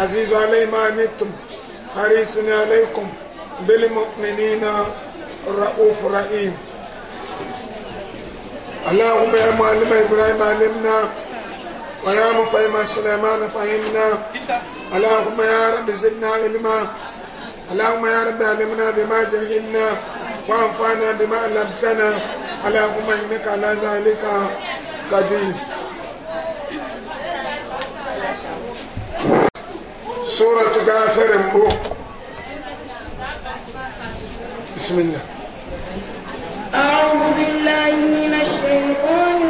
عزيز علي ما عنتم حريص عليكم بالمؤمنين رؤوف رحيم اللهم يا معلم ابراهيم علمنا ويا مفهم سليمان فهمنا اللهم يا رب زدنا علما اللهم يا رب علمنا بما جهلنا وانفعنا بما علمتنا اللهم انك على ذلك قدير سورة كافر بسم الله أعوذ بالله من الشيطان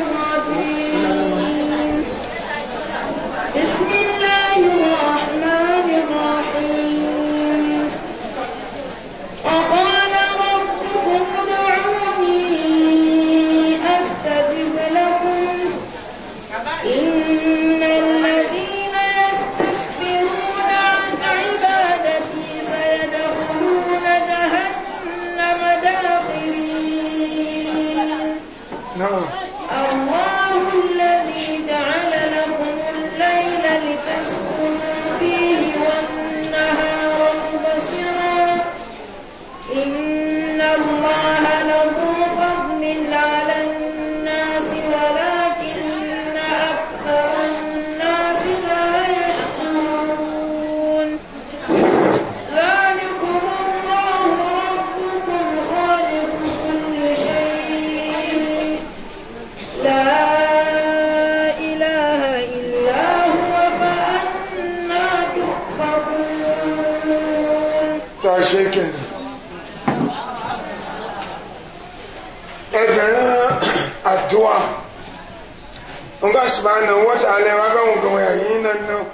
nga subhanahu wa ta'ala wa ga mun gawa yayin nan nan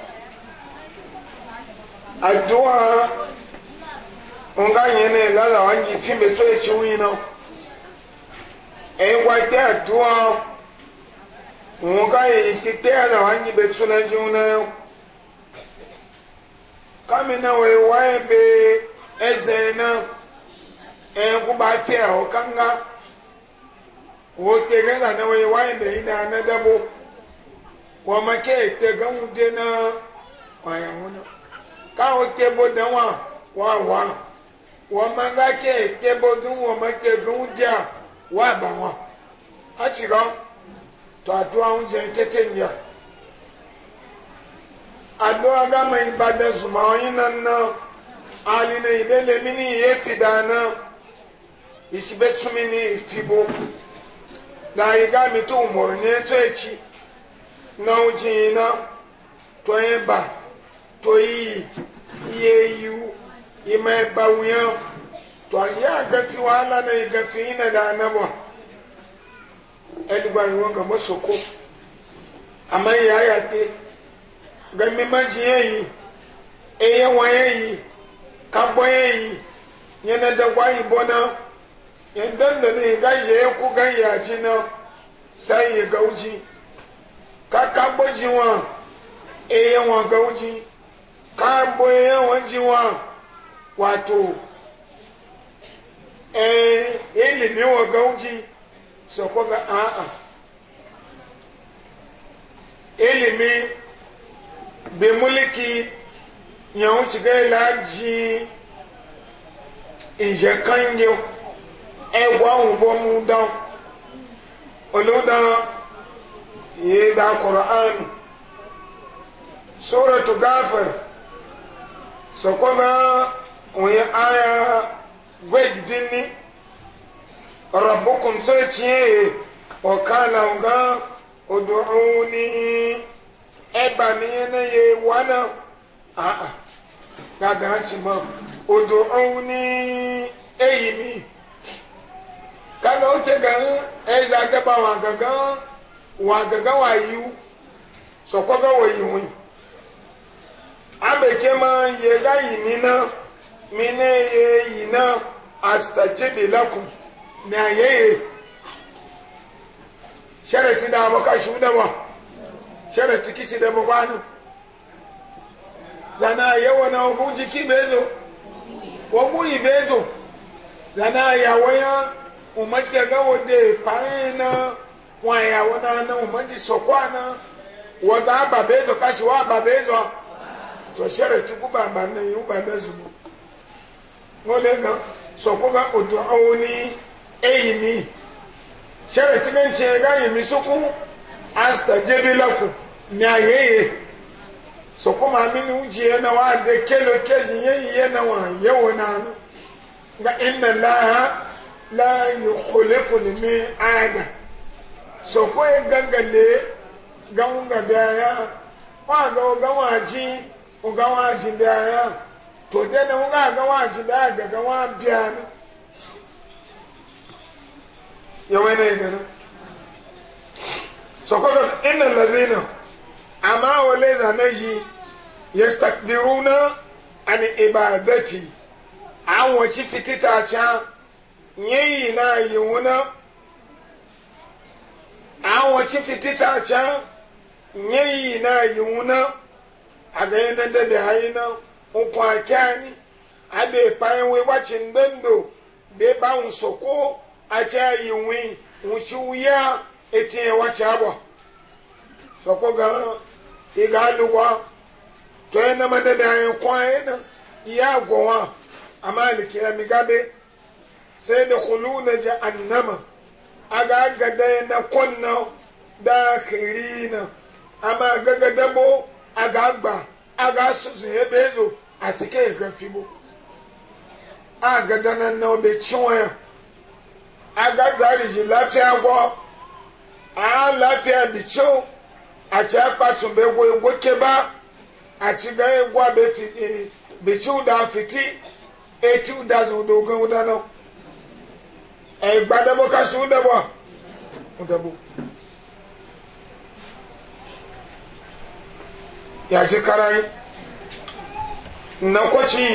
addu'a nga yene la la wangi fimbe to e chiwi na e wa ta addu'a nga yi ti te la wangi be tsuna Kami na we wa be ezena e ku e ba te o kanga wo te ga na we wa be ina na dabo wọ́n mọ̀ kí ètè gánwó dé náà wọ́n àyàwó náà káwọn ké bóde wọn wọ́n wà wọ́n a sì rán tó àdó àwọn jẹ tètè nìyà. àdó agámọ̀ ìbàdàn zùmọ̀ ọyìn náà náà alina ìbẹ́lẹ̀ mi ní iye fìdáná ìṣìbẹ́túnmi ní ìfibó. láyé gá mi náà jìnnà tó yẹn bà tó yìí iye yiwu ìmọ̀ ẹ̀bà wúyàn tó ayé àgàtì wàhálà náà ìgàtì yìí náà dáná bọ̀ ẹnìgbà yìí wọn kà mọ́ sọ́kọ́ àmọ́ ìyá yà pé gbẹ̀mí má jìnnà yìí eye wọ̀nyẹ yìí kagbọ́ yẹ yìí yẹn náà dẹ́gbọ́ yẹn dẹ́ndẹ̀ ní ìgá yẹ kó gá yẹ àjì náà sáyẹn gàwùjì kaka bo dzi wọn eye wọn ke wo dzi ka bo eye wọn dzi wọn wato ee elimi wọn ke wo dzi sɔkɔ ke aa elimi gbemuliki nyawo tsi la dzi nzɛ kan yi o ewɔ ahun bɔ mu dɔn yi ga ƙoran suratu gafir so kuma wani aya gwegidin e ni rabukun tó tiẹ̀ ọ̀kàlà ọ̀gá ọdún ní ẹgbà mi yẹn náà yẹ wà náà gàgà ti mọ ọdún ní wa gaga wa yiwu sọkọ ga wa yi abeke ma ye ga yi mi na mi ne ye yi na asitajibi lakum mi a ye ye sharati da ma ka shi da ma sharati kici da ma bani zana yawa na be jiki bezo ogun yi bezo zana yawa ya umar daga wadda fayin na wọn ya wọn náà náà wọn ti sọkọ àná wọn náà bàbá èzọ káṣí wọn bàbá èzọ tọ̀ṣẹ́ rẹ̀ tukú bàbá náà yìí wọn bàbá èzọ mọ́ wọn lè gan sọkọ bá òtò àwọn ní ẹ̀yìn mi ṣẹ́rẹ̀ tí lè ń ṣe ẹ̀gáyìn mi sókú àṣìtà jébí lọ́kù ní àyèyè sọkọ máa mi ní oúnjẹ yẹn náà wọn àdé kélo kéjì yẹn yẹn náà wọn so koye gangale gawunga biaya waga oga waji oga biya biaya to dena oga aga waji biaya daga wa biya ne yawai na idana so kodo inna lazina amma wale zanaji yastakbiruna an ibadati an wace fitita can yayi na yi wuna awon ci fitita ca nyeyi na yiwuna a ga yi danda da hayi na ukwu ake ani a da ipayin wai wacin dando da ba nsoko soko a ca yiwu wuci wuya etinye wace abuwa soko ga iga e aluwa to yi na mada da hayi kwa yi na iya gowa amma alikiyami gabe sai da kulu na annama aga gada na kwanna dakhirina ama gaga dabo aga gba aga suzu ebe zo a cike ga fibo aga dana na obe chiwaya aga zari ji lafiya gwa a lafiya bi cho ati ci akpatun be gwo egwo keba a ci ga abe fi bi cho da fiti eti udazu dogon udano ẹ̀gbá dẹ́bọ̀ káṣí ń dẹ́bọ̀ ń dẹ́bọ̀. yàtí karai na kwaci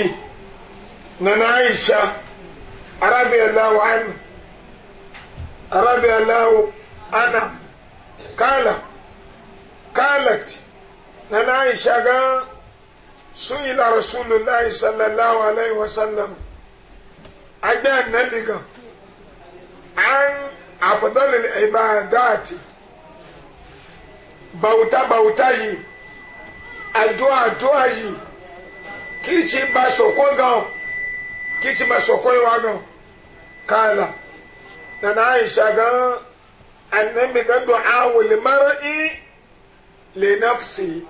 na na aisha aradiyallahu anhu aradiyallahu ana kala kalat na na aisha ga su'ila rasulullahi sallallahu alaihi wasallam agbe annabi gan an afdalil ibadati bauta bauta yi adua adua yi kichi ba soko gan kichi ba soko wa gan kala nana aisha gan annabi ga du'a wal i li nafsi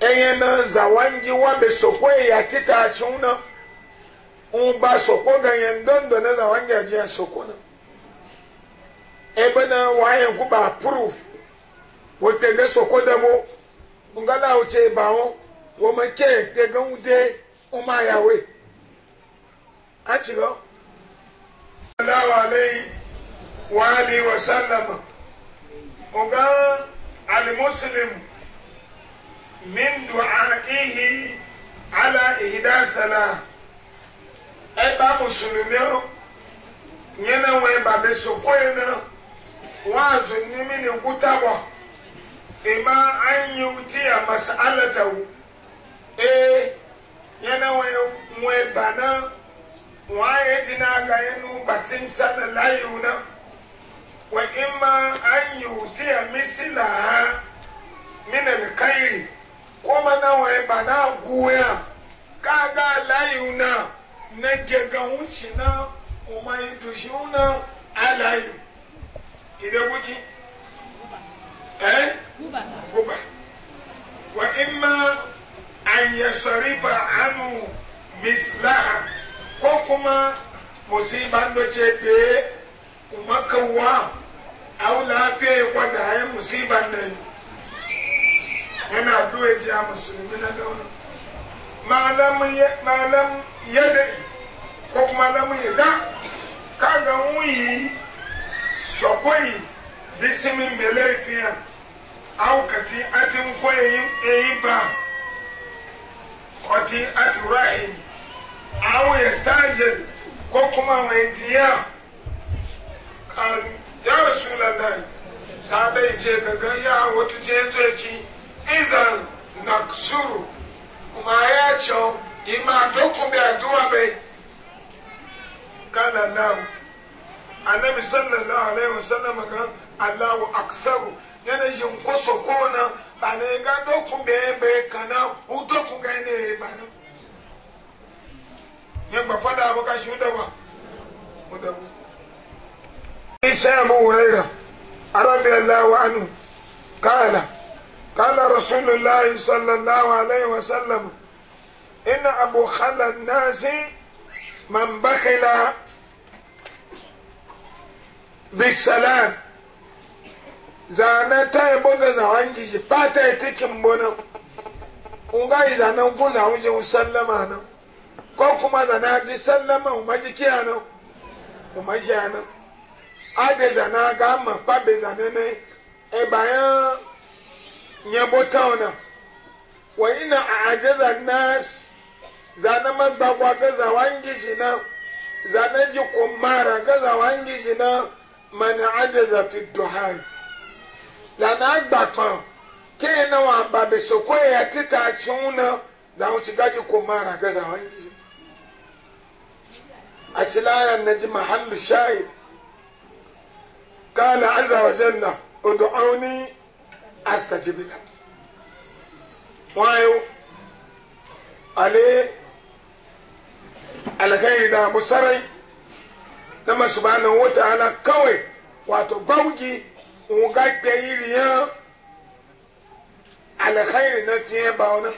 ẹyẹn náà zawanji wa bẹ soko ya tita chuna ń ba soko gan yẹn dọ́ndọ̀ náà zawanji ajẹ́ soko náà. ebe na waye guba approve wo kege soko demo ngala uche ba wo wo ma ke kege ude o ma ya we achiro sallallahu wa alihi wa oga al muslim min du'aihi ala ihda salat eba musulmi o nyena we be soko na wa ni mini gutagwa ima an yi wuciya masalatawu e yana nwe bana waye ji ga yanu bacin cana layu na wa ima an yi wuciya misila ha mina da kairi ko mana waye bana guya kaga layu na na gegan wuci na umar idushi na alayu ibe guji eh guba wa imma an yasrifa anu mislaha ko kuma musiban da ce be umakawa au lafiya wadda hayi musiban nan yana duwe ji a musulmi na dauna malam yadda ko kuma lamun da ka ga wuyi shokoi bisimin belefiya aukati atin koyi eyi ba ɔti ati rahim awo yɛ staajil ko kuma wɛ diya kan ya rasulala la yi sabe ka ga ya wato ce zo ci izan naksuru kuma ya ce ima dokun bi aduwa bai kala lahu annabi sallallahu alaihi wasallam ga allahu aksaru yana jin ko soko na ba ne ga dokun be be kana u dokun ga ne ba na yan ba fada ba ka shi da ba mu da bu isa mu hurairah radiyallahu anhu قال قال رسول الله صلى الله عليه وسلم إن أبو خل الناس من بخل bisalam zana ta yi boga zawon shi fata ya tikin bonan unga yi zanen ku zawon ji sallama nan ko kuma zana ji sallama umar ji kiya nan umar ji nan ade zana ga ma bai zane ne e bayan nyebo town na wa ina a ajaza nas zana man kwa ga zawon shi nan zana ji kumara ga zawon shi nan mọ̀nà àjẹsà fi dùn ha yìí lànà àgbà kan kéèyàn náà wà bàbí sòkò yẹ títà àtúnwó náà làwọn ti gbájú kó máa rà gẹ́sà wọn yìí. àṣìláyà nàjí mahalu shahid kálá azawajalla odò àwọn ní astajibila wọn ayò alẹ́ alẹ́ kẹ́yìn dààmú sáré na masubhanahu wa ta'ala kawai wato gbauji in ga iriyan alkhairi na tiye ba wani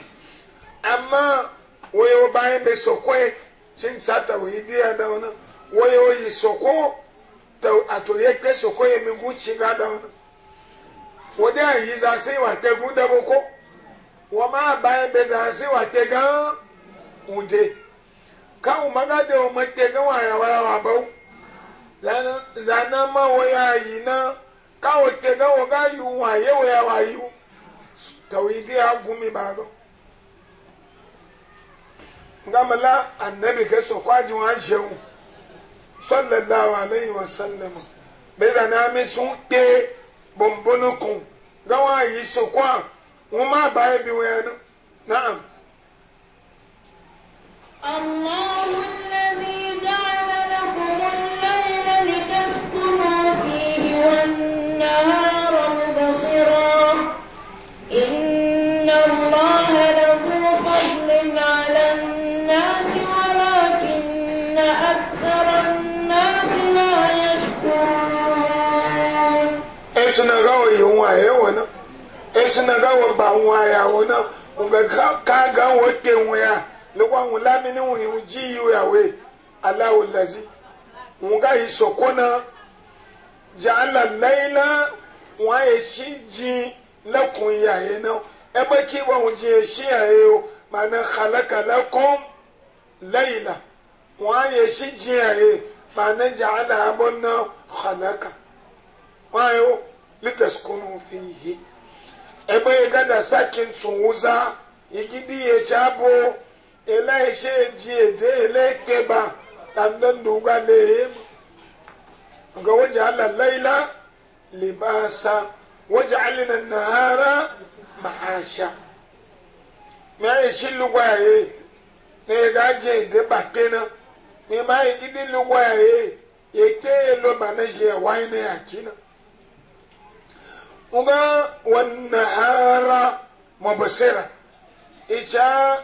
amma wayo bayan bai sokoi cin tsata wani diya da wani wayo yi soko a to ya kpe soko ya mi guci ga da wani wadda yi za sai wa te gun da boko wa ma bayan bai za sai wa te gan unde kan umaga da umarke gan wa yawa yawa bau zana ma wo ya yi na ka wo ke ga wo ga yi wa ye wo ya wa yi tawhidi ya gumi ba ga ngamala annabi ke so kwaji wa shehu sallallahu alaihi wa sallam be da na sun pe bombono ga wa yi so kwa wo ma ba bi wa no na'am Allahumma waye wona esina ga wo ba waya wona nga ka ka ga wo te wuya lo kwa wula mi ni wu ji yu ya we alahu lazi nga isokona ja'ala layla wa yashiji lakun ya yana ebe ki ba wu ji shi ya yo mana khalaqa lakum layla wa yashiji ya ye mana ja'ala abunna khalaqa wa yo litaskunu fihi ebe gada sakin tsunwuza igidi ya shabo ila ishe ji ede ila ikpeba tannan duga lehem ga waje ala laila libasa waje alina nahara ma'asha mai ishi lugwaye ne ga je ede bakina mai ma igidi lo ba na je nga wannahara mabasira icha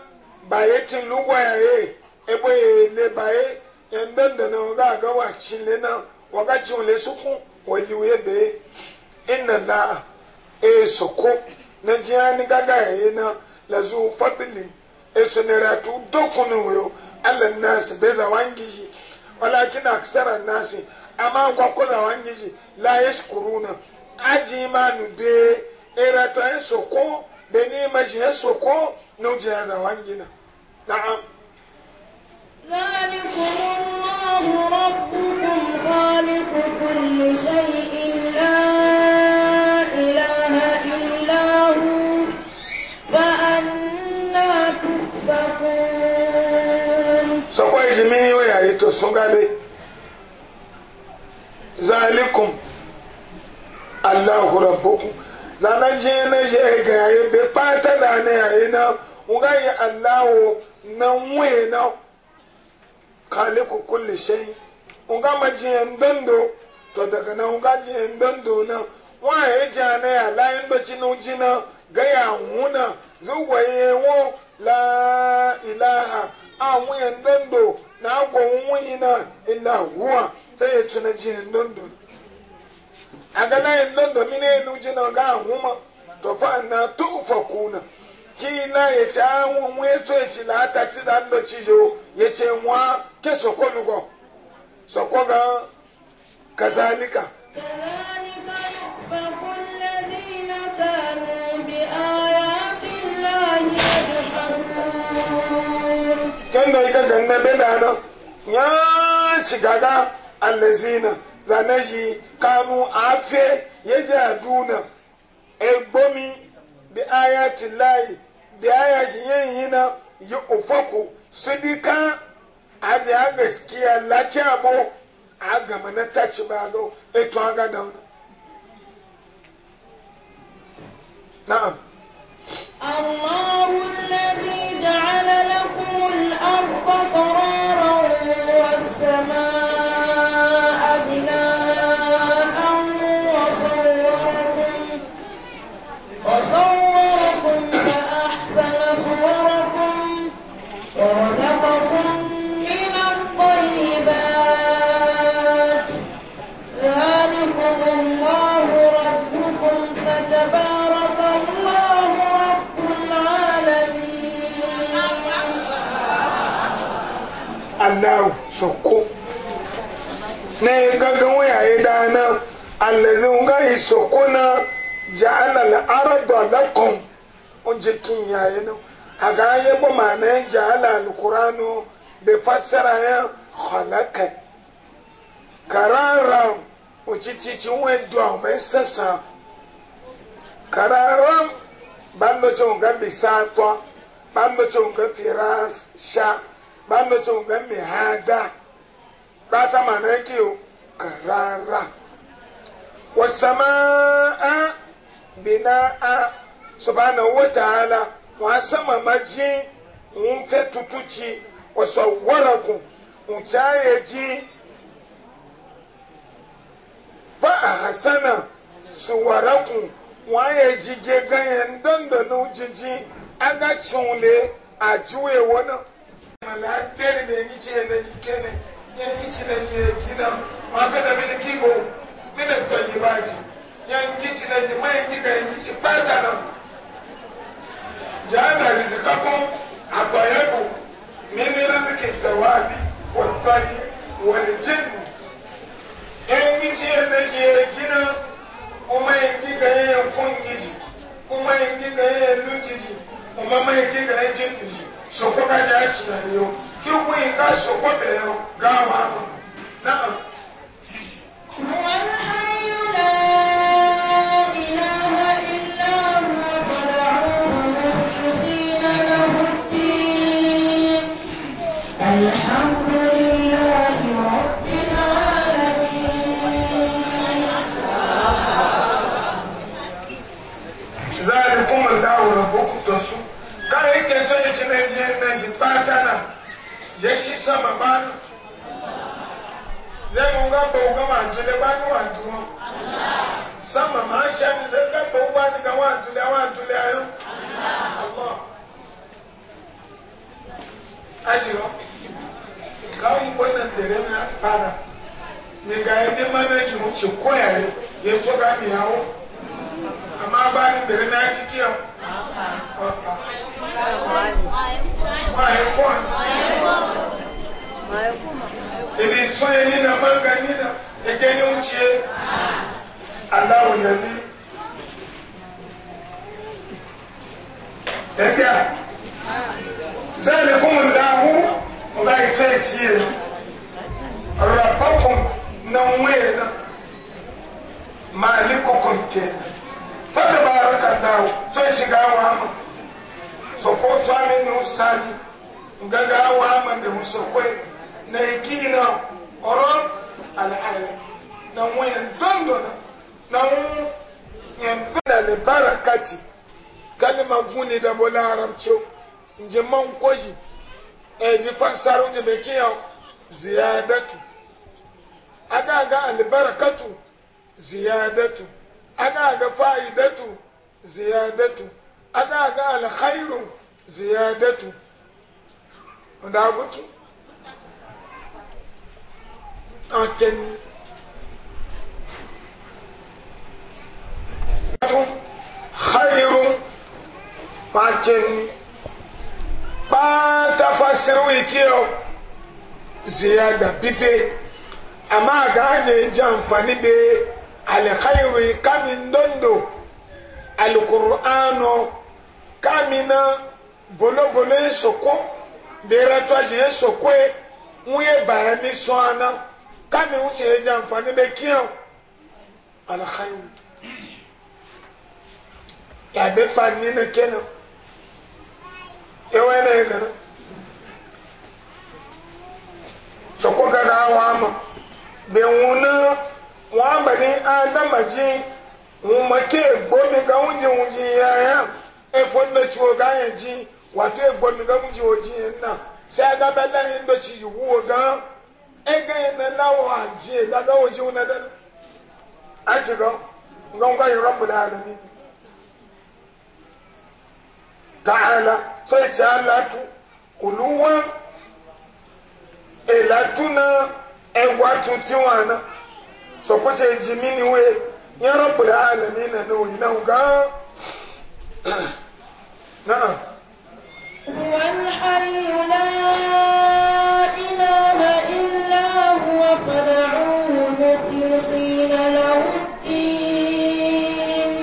bayetin lugwaye ebe le baye endanda na nga aga wa chile na waga chile suku waliwe be inna laa e soko na jani gaga na lazu fadli e soneratu dokunu yo alla nas beza wangi walakin aksara nasi amma kwa kwa wangi la na. aji ma nu be era to en soko be ni ma je soko no je za wangina na'am ذلكم الله ربكم خالق كل شيء لا إله إلا هو فأنا تؤفكون سوف يجمعني ويعيتو سنغالي ذلكم allahu rabbukum zanen je na je ga yayin be pata na na yayin na nga yi allahu na nwe na khaliqu kulli shay nga ma je ndando to daga na nga je ndando na wa he ja na ya la ndo chinu jina ga ya huna zuwa ye wo la ilaha awon ndando na agwo nwunyi na illa huwa sai ya tuna je ndando agana yin nan da mine yin nuji na ga huma to fa na tufa kuna ki na ya ci awon mu ya so ya ci la ta ci dan do ci jo ya ce wa ke so ko lugo so ko ga kazalika Kenda ika ganna bela na ya shiga ga allazina Zanaji shi kanu afe ya aduna egbomi bi ayatin layi bi ayashin yin yi na yi ufaku su dika a ji a gaskiya na taci ba do eto aga na'am na yi gaggan waya ya dana allazin gari sokona ja'ala al-arda lakum unjikin yayi nan a ga ya ba ma'ana ja'ala al-qur'anu bi fassara ya khalaqa karara uchichichi we do ahome sasa karara bando chonga bisato bando chonga firas sha bando chonga mihada Bata màánà kí o rárá wasama'a bina'a subhanahu wa ta'ala wọn asama maji ń fẹ́ tutu tsi wọsọ wọlọkù ń tsa yẹ dzi fa ahasana suwarakù wọn ayẹ dzidze ganye ndondonu dzidzi aga tsun le adziwe wọnà. mọ̀lá tẹ́lẹ̀ bẹ́ẹ̀ ní tiẹ̀ lẹ́yìn kẹ́lẹ́ yankici na shi gina ma ka da mini kibo mina tsayi ba ji na jana rizikakun a tsayabu mini tawabi wani wani jinnu yankici na shi gina kuma yanki ga yankun gizi kuma yanki ga yankun gizi kuma mai iwe ka soko bẹ̀rù gáwa nù náà. wọ́n háyọ̀ náà ìlànà ìlànà ọ̀gbọ̀dọ̀ àwọn ọ̀sìn iná náà wọ́n bí. alhamdulilayi rọ̀bì náà rẹ̀bì. zaari kúmọ̀ dáwọ̀ rẹ̀ bó kú tó sùn. káyọ̀ ìkẹtọ́ ìṣẹ̀lẹ̀ ìṣẹ̀lẹ̀ ìṣẹ̀lẹ̀ pátá náà. yẹ sama bàbá nù lẹ́nu ńgá bọ̀ ńgá wà ń tulẹ̀ wá ní wà ń tu wọn sáma máa ń ṣe àmì sẹ́ńgá bọ̀ ńgá ní ká wà ń tulẹ̀ wà ń tulẹ̀ ayọ́ na àjọ káwọn ya gbọ́dọ̀ dèrè náà para ya yẹn ní ya ń amma ba ni bere na ci kiyo ebi so ye ni na manga ni na ege ni wuce allahu yazi ẹgbẹ́ zalikum lahu ọba ìfẹ́ ìṣe rabbakum na nwere na malikum tẹ̀lé fata bara kan dawo zai shiga wa mu so ko tsami ni usani gaga wa man da musu koi na ikina oro al'ala na mu yan na na mu yan bana le barakati kalma guni da bola arabcho nje man koji e eh, ji fasaru je bekiya ziyadatu aga ga albarakatu ziyadatu ana ga fa'idatu ziyadatu ana ga alkhairu ziyadatu wanda abuki aken khairu faken ba ta fasiru yau ziyada pipe amma ga ajiye ji amfani be alkhairu kamin dondo alkur'ano kamina bolobolo soko beratwaje soko wuye bara ni sɔana kami ŋun tiɲɛ jɛ anfani bɛ kiyan alkhairu a bɛ fa ni ewa na ye soko ka awa ama ma na. wọn bani adamaji wọn make ga wọn ji ya ya efo ndochi wo ga ya ji wato egbomi ga wọn ji wo ji ya na sai aga bada ya ndochi ji wo ga ega ya na lawo a ji ga ga wo ji wọn da a ci ga nga nga yi rabbul alamin ta'ala sai ci Allah tu kuluwa elatuna ewa tuntun wa na so ko ce ji mini we ya rabu ya alami na no ina ga na'am هو الحي لا إله إلا هو فادعوه مخلصين له الدين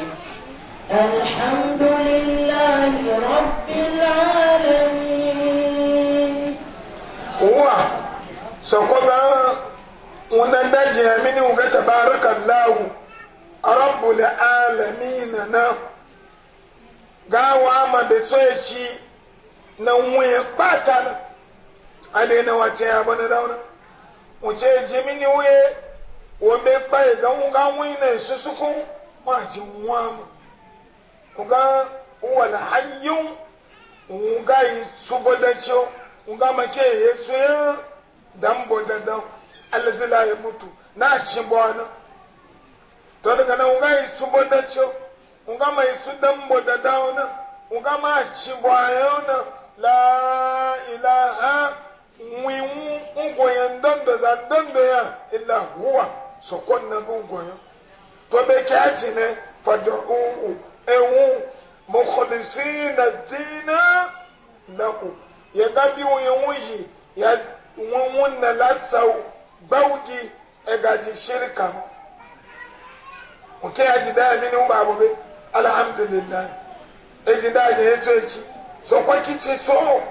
الحمد لله رب العالمين هو سقط wannan dajin ya mini wuga tabarakan lahu a rabbul alamina na gawa ma da tsoye shi na wuya kpata na ale na wace ya bane dauna wuce ji mini wuye wo be kpaye ga wuga wuyi na susuku ma ji wuwa ma wuga wala hayyun wuga yi subodacho wuga make ya tsoye dan bodadan alazi la ya mutu na cimbo ana to daga nan nga yi cimbo da cio nga ma yi sudan bo da dawo na nga ma cimbo ayo na la ilaha wiwu ungoyen dondo za dondo ya illa huwa sokon na ungoyen to be kyaci ne fadu'u ewu mukhlisina dina lahu ya gabi wiwu yi ya wọn wọn na latsawo bawuji egaji shirka nke ya ji daya mini umba abobe alhamdulillah eji daya ya eto echi so kwa kichi so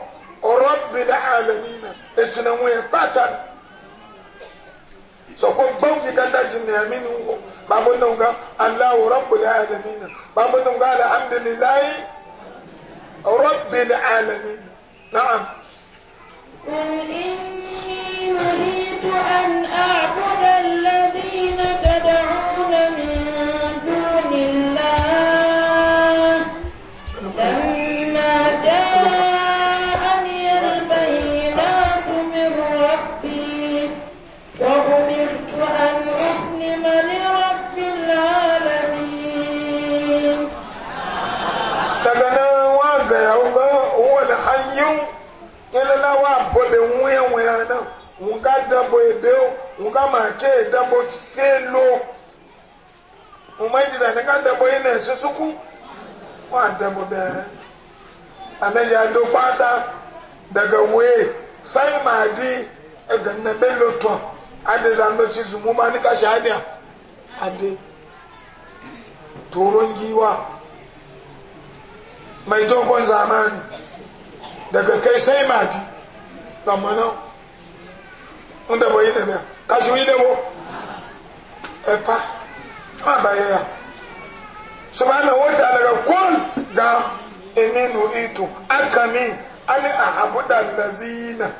rabbil alamina etu na nwe patan so ko bawuji kanda ji na mini umba babu na nga allah rabbil alamina babu na nga alhamdulillah rabbil alamina na'am قل إني أريد أن أعبد الذين تدعون من دون الله لما جاءني البينات من ربي وأمرت أن أسلم لرب العالمين هو الحي إلا لا وابد وين وين nka dabo ebeo nka make dabo felo umanjida nika dabo yi na susuku wa dabo bɛɛ anayi ado kpata daga wee sai ma di egan na belo tɔ adi la ndo tsi zumu ma nika si adi a adi torongi wa mai dogon zamani daga kai sai ma di kamar nan wanda yi dɛmɛ a, wo yi dɛmɛ ɛpa ya subahana wo daga kol ga eni nu itu aka mi ani ahabuda lazina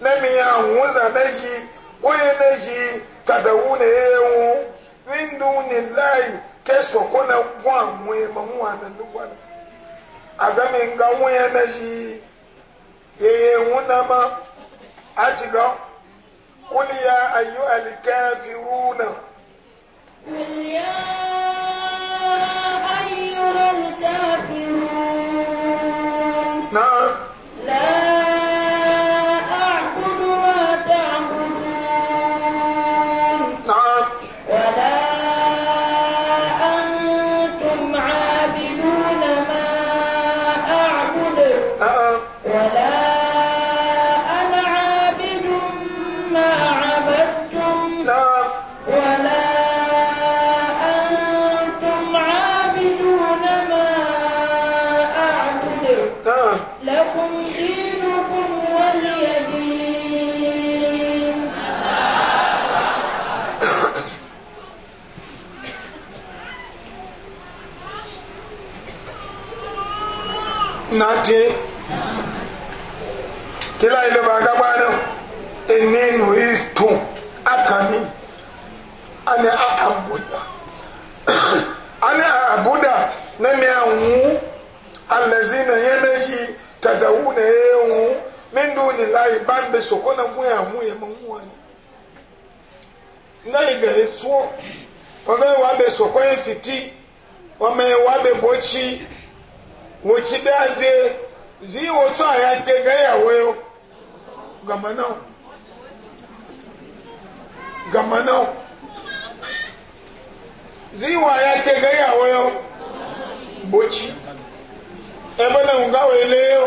na emi ya nwuza na ji koye tadawu na ewu windu ni lai keso ko na gwa mwe ma mwa na na nga mwe ya yeye nwuna ma قل يا أيها الكافرون قل يا أيها الكافرون na ti kila iloba ba eni ne enenu itu akami ane abuda ane abuda na ne na allazina meji tadawuna yewu min duni ba ban be soko na mu ya mu ya mu ani na iga etuo wa be soko ya e fiti wa me wa be bochi wò tsi bẹ́ adé zi wò tún àyà dé gẹ́yàwó yó gàmánáwó gàmánáwó zi wò àyà dé gẹ́yàwó yó bòtsi ebe na ŋgá wò lé yó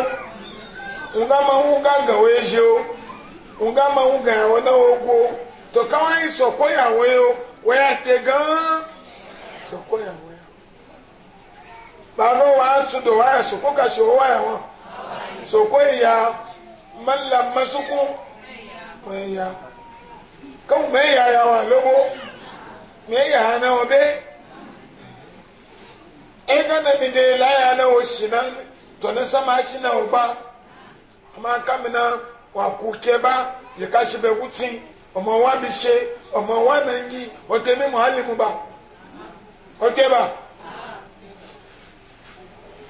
ŋgá ma ŋu gá gàwó yé zi yó ŋgá ma ŋu gàyàwó na wò gbó tó káwọn yìí sọ̀kọ́ yàwó yó wò yà dé gán sọ̀kọ́ yàwó yó bano wa su da waya su kuka shi waya wa so koyi ya mallam masuku mai ya kan e mai e e ya ya wa lobo mai ya hana wa be in ga na mi dai la ya na wa shi nan to na sama shi na ba amma kamina wa kuke ba ya kashi bai wuce ọmọ wa mi ṣe ọmọ wa mi yi ọtẹ mi mọ alimu ba ọtẹ ba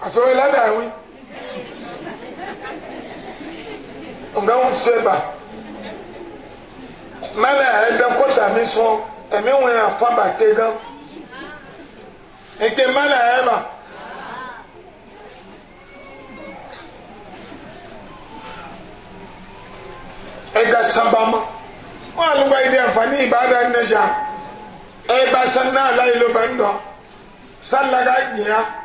àtúrò ìlànà àwí ǹgbà ń tẹ bà mẹlẹ ẹdẹ kọta mi sọ ẹmí wọn yà fọ bàtẹ gan ètè mẹlẹ ẹ bà. ɛga sabama wọn alugba yi di ɛnfani ibada nnɛja ɛba sanna alayi lobe ndɔ sanlaga nyia.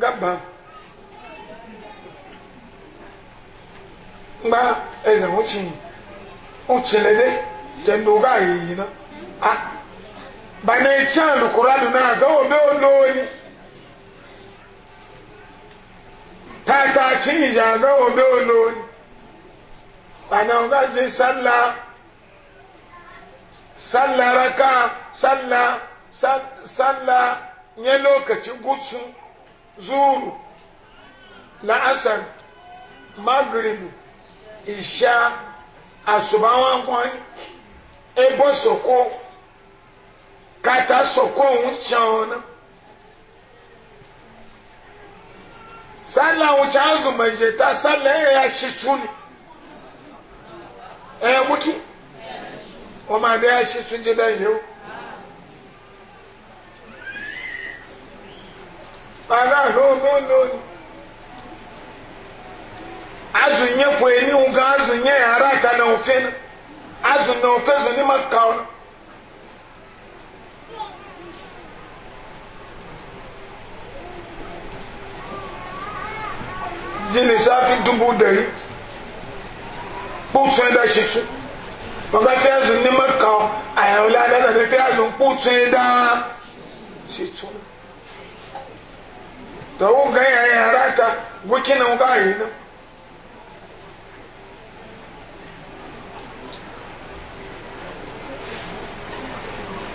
gaba ngba ɛzɛ ŋutsi ŋutsi lɛ dɛ tɛnu ga yeyi na a bana etsi alukura do na gawo be wo lo ni tata tsi yi dza gawo be wo lo ni bana wo ga dze sala sala raka sala sala nye lokaci gutsu zuru la'asar maghrib isha asubawa kwan ebo soko kata soko ohun ṣan na sálà ohun ṣe azùmọ̀jẹta sálà ẹ̀yà ṣiṣú ni ẹ̀yà wókì kpaga lololo azu nye poe ni ŋu gã azu nye ara ta na ofe na azu na ofe zu ni ma kawo na jini safi dumbu dari kputsun da shi tu maka fi azu ni ma kawo ayawo la da da fi azu kputsun da shi tu to wo ga ya ya rata wuki na ga yi na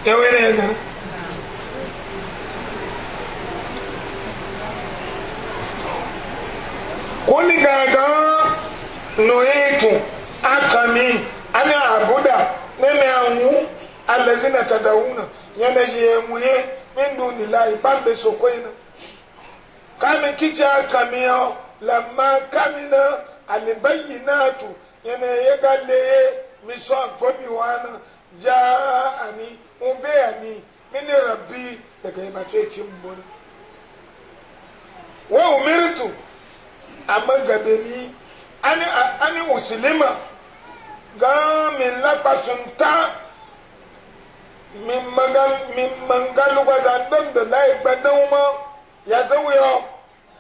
ewe ne ga ko ni ga ga no yitu akami ani abuda nene anwu alazina tadawuna yana je muye min dunillahi bambe sokoina kami kicha kamiyo lamma kamina albayyinatu yana ya galle miso gobi wana ja ani umbe ani mini rabbi daga ba ce cin bun wa umirtu amma gabe ni ani ani uslima ga min lapatsunta min mangal min mangal gwadan da lai gbadan ma ya zawuyo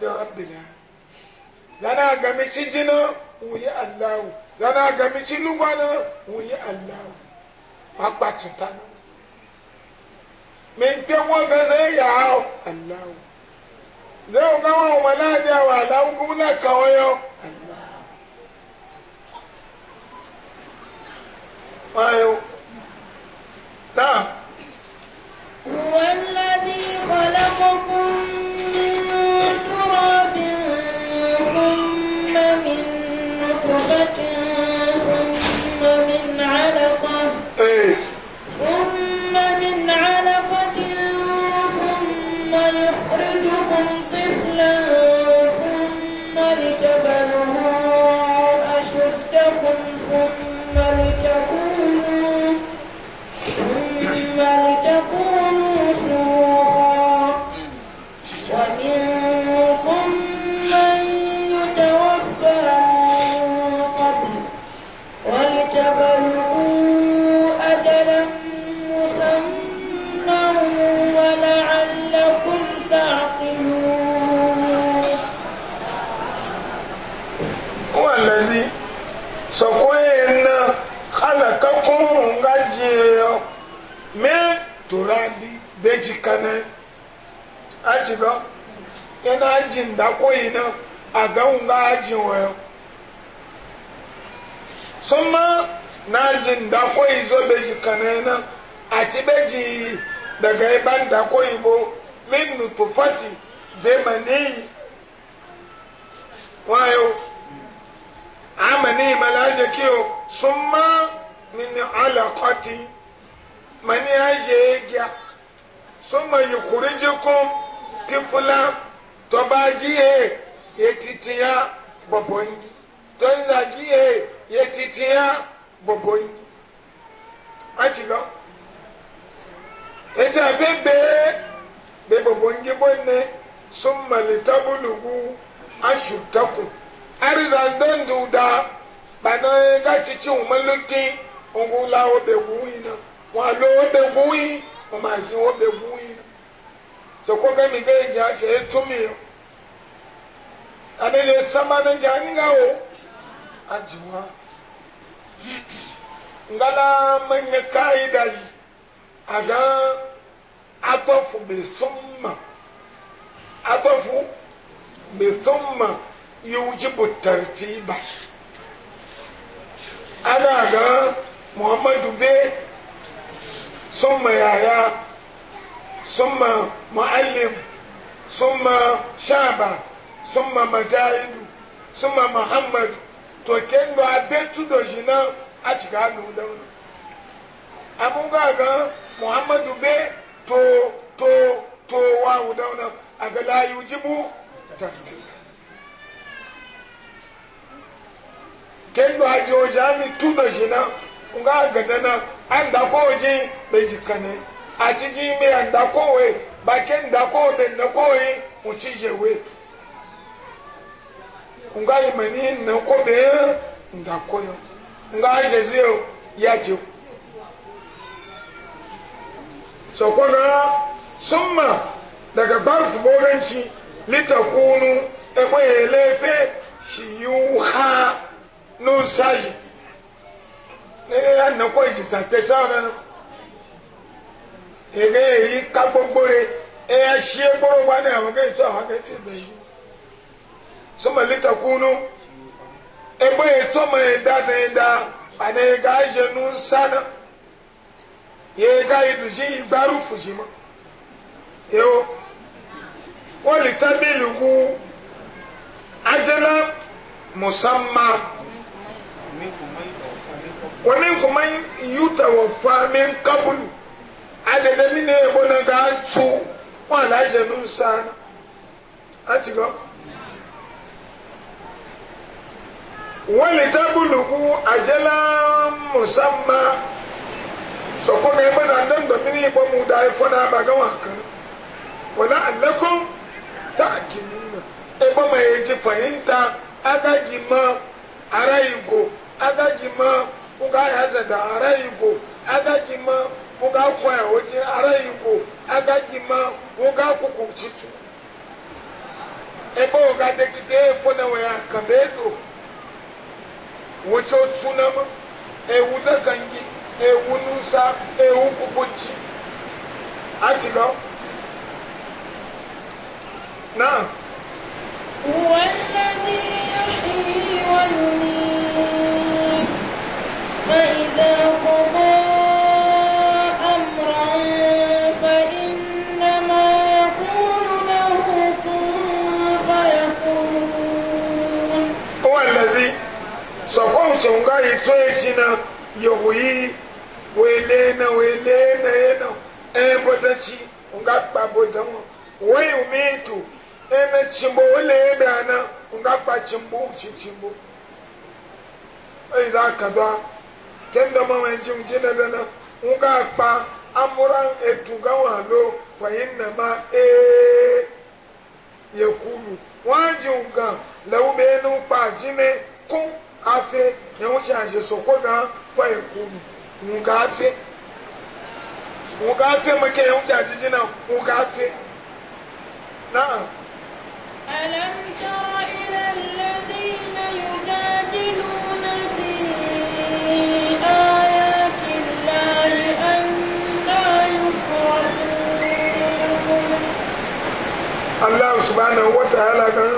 da rabbina yana gami ci jina wuyi allahu yana gami ci lugwana wuyi allahu akpatuta min pe wọn fẹ sẹ yà á aláwọ zẹ o ká wọn wọn náà dẹ wà aláwọ kó wọn kà wọn yọ a aji ba yana ajin da koyi na a gan ga ajin wayo sun ma na ajin da koyi zo ji kana na a ci beji daga iban e da koyi bo min nutufati be mani wayo a mani malaje kiyo sun ma nini alakoti mani aje gya sọmọ yìkùrìjìkùn kìfúlà tọba jíye yetitiya bọbọnyi tọ́yìnlá yetitiya bọbọnyi. ati lọ eti abe bee be bọbọnyi bọnne sọmọlì tábùlùkù asùtọkù arìlà ndóńdó da bàná gàtìtì òmọlókè wọ́n máa ṣe wọ́n bẹ wú yìí sọ̀kọ́ ga gẹ́ ìjà ṣe é tó mi o àdéhùn sábà ní ìjà nígbà ngala mẹ́nyẹ káyé dà yìí ma atọ́fù bẹ̀sọ́mà ma bẹ̀sọ́mà yóò jí bò tẹ̀rẹ̀tì bá. ana muhammadu bẹ́ẹ̀. ثم يحيى ثم معلم ثم شعبة ثم مجاهد ثم محمد to kendo abetu do jina a ciga nu da wani abubuwa ga muhammadu be to to to wa wuda wani a ga layu jibu tarti kendo a ji o jami tu do jina nga gada na an da ko ji be ji kane a ci ji me an da ko we ba ken da ko be na ko yi mu ci je we nga yi mani na ko be nda ko yo nga je zi o ya je so ko na summa daga barfu boganci litakunu ekwe elefe shiyuha nusaji ee anakɔ ìsìsà pèsè ọ̀rẹ́ nu èrè èyí ká gbogbo re ee ahyia gbogbo wa ní àwọn akéwìtì àwọn akéwìtì ìgbà yìí sọmọ lítà kúnú ebe ètò ọmọ ẹ̀dá sẹ́yìn dá àná ẹ̀gá ìṣẹ̀nu nsánà ẹ̀gá ìdùsí ìgbárù fùsì mọ́ yòó wọ́n lè tábìlì kú ajẹ́lá mùsàmá. wani nkuman iyuta wa famin kabulu a da gani ne na ga cu wa alhaji nun sa a cigo wani ta bulugu ajala jela musamma na ko ne ba zan dan domin yabo mu na ba ga wakar wani allakun ta akinuna ebo mai e ji fahimta agaji ma ara igbo ma kuka ya zata ara iko aga kima kuka kwa ya oji ara iko aga kima kuka kuku chitu ebe oga dekike efo na waya kambe edo wuce tsunama ewu zakangi ewu nusa ewu kukuci a shiga na Huwa فإذا قضى أمرا فإنما يقول له كن فيكون هو الذي سقوط غاي تويشنا يهوي welena welena yena embotachi ungakpa bodamo wei umitu ene chimbo welena ana ungakpa chimbo chichimbo eiza kadwa kenda ma wen jim jina dana nga pa amuran etuga wa lo fa inna ma e yakulu wajin ga laube nu pa jime kun afe ya wuce aje soko ga fa yakulu nga afe nga afe make ya wuce aje jina nga afe na'am alam tara ila alladhina yunadiluna allah subhanahu wa ta'ala gan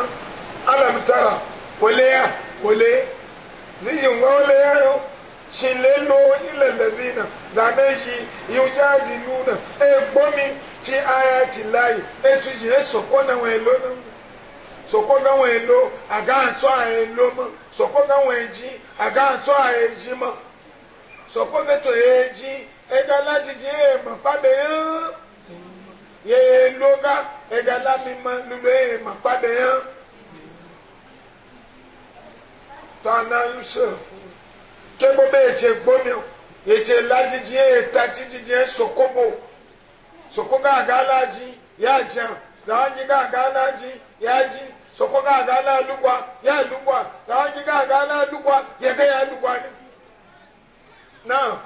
alam tara wale ya wale niyin ga wale ya yo shi lelo ila lazina zaben shi yujaji nuna e gbomi fi ayati layi e tuji e soko na wọn elo na soko ga wọn elo aga atọ a elo mọ soko ga wọn eji aga atọ a eji mọ soko ga to eji ega lajiji e mọ pabe yan ye loga egala mi ma lulu ye ma kpade ya tana yusuf kebo be etse gbomi o etse ye eta ye sokobo soko ga aga ya jẹ zawanji ga aga ya ji soko ga aga lugwa ya lugwa zawanji ga aga ala lugwa yege ya lugwa ni. naa.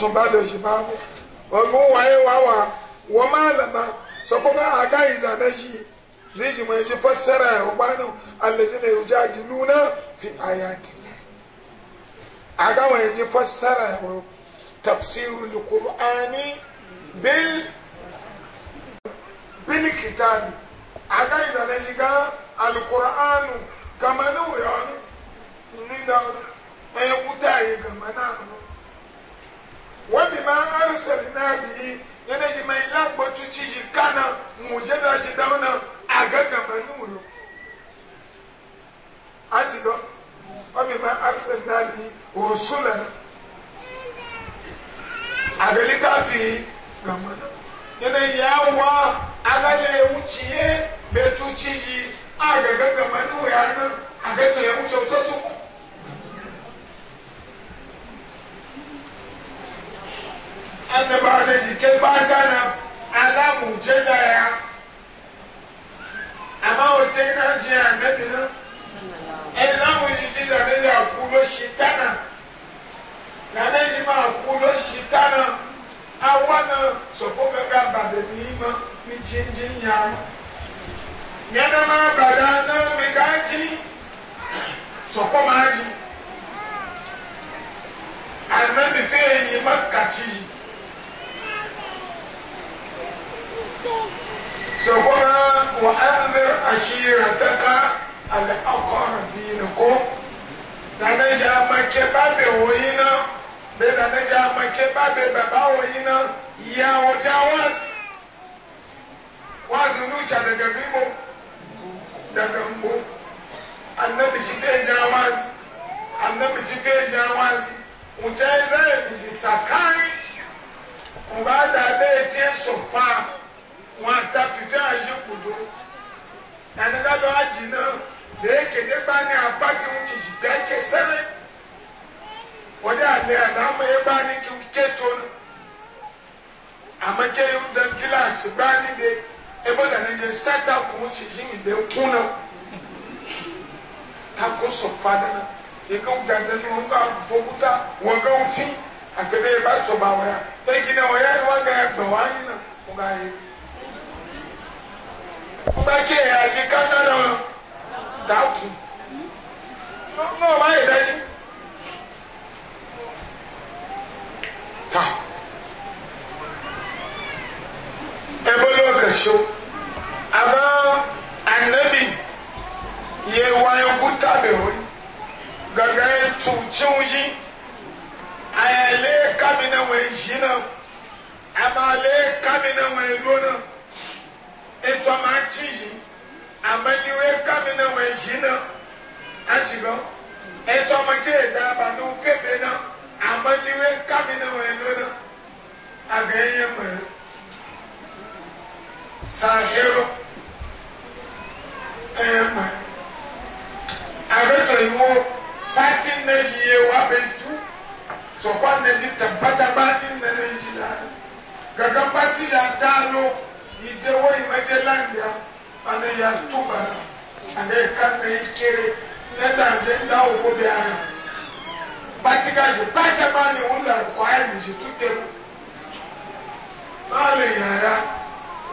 sọba dọ̀jì bá bọ̀ ọgbọ́n wáyé wá wà wọ́n máa lànà sọkọ́bá àgá ìzànà ṣì zíjì mọ̀ ẹ̀jẹ̀ fọ́sẹ̀rẹ̀ ọgbà náà alẹ́sìn náà ìjà dìlú náà fi àyà dì àgá wọn ẹ̀jẹ̀ fọ́sẹ̀rẹ̀ tafsiru lukuru ani bíi bíi kìtàbí àgá ìzànà ṣì gan alukuru anu gàmánà wòyọ́ ni nígbà wọn ẹ̀yẹ kúta yìí gàmánà àwọn. wani ma arsal na biyi yana ji mai lagbatu ci ji kana muje da shi dauna a gaggama nuno a ci don wani ma arsal na biyi rusulan a ga littafi gama yana yawa a ga lewuciye betu ci ji a ga gaggama nuno ya nan a ga to ya wuce wasu su annaba na shi ke ba gana alamu jeja ya amma wata yana ji a nabi na ɗan lamu ji ji da ne ya kulo shi tana na ne ji ma kulo shi tana soko gaga ba da ni ma ni jinjin ya ma yana ma ba da na mi gaji soko ma ji annabi fe yi سوكما وأنذر عشيرتك الأقربين كو دانجا مكباب وينا بدانجا مكباب بابا وينا يا وجاوز wasu nuca daga bibo daga mbo annabi shi ke jawazi annabi shi ke jawazi wuce zai biji tsakani ba da bai ce sofa wọn atapìtẹ́ àyíkùdó ẹnìdádọ́ àjìnà lèékè nípa ní abájú tìjì dẹ́kẹ́ sẹ́lẹ̀ wọ́n dẹ́ àlẹ́ àdámọ́ ẹgbá ní kí n ké tó nù àmọ́kẹ́ yóò dán gíláàsì gbá níde ebóda ní ṣe sátà kùn tìjì ìdè kún náà takò sọ̀fà dáná ìkó gàdẹ́ nù ń bá fọ́kúta wọ́n gán fi àgbẹ̀bẹ̀ ìbá tó bá wọ́yà lẹ́yìn náà wọ́yà ìwádìí ẹgbẹ̀ wáyé náà wọ́n gá yẹ ńgbàkye àti kánádà dàkú náà wọ́n ayé dájú ta ebe lokaci amma annabi ya waye guta da wani gagayen cucin shi a yale kamina mai shi nan amma le kamina mai lona etsɔ ma tsi zi ame yiwo ekami na wɔ ezi na atsi gɔ etsɔ ma tse eda ba na wo kebe na ame yiwo ekami na wɔ eno na age ye me sahero eye me aɖetɔ yi wo pati ne yi ye wa be tu tsɔkɔ ne dzi tebataba ne ne yi la gege pati ya da lo yi de woyi mede landia ana ya tubana ana ya kanna yi kere na da je da ogo bi aya bati ka je bati ba ni wunda kwaya ni je tuke mu n'ale yaya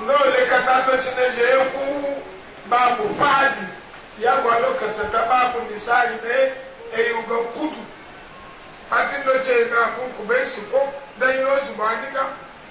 n'ole kata to tineje eku babu faadi yagwa lokasa ta babu misali ne eyuga kudu ati ndoje na kunkube siko dan yi lozu ba diga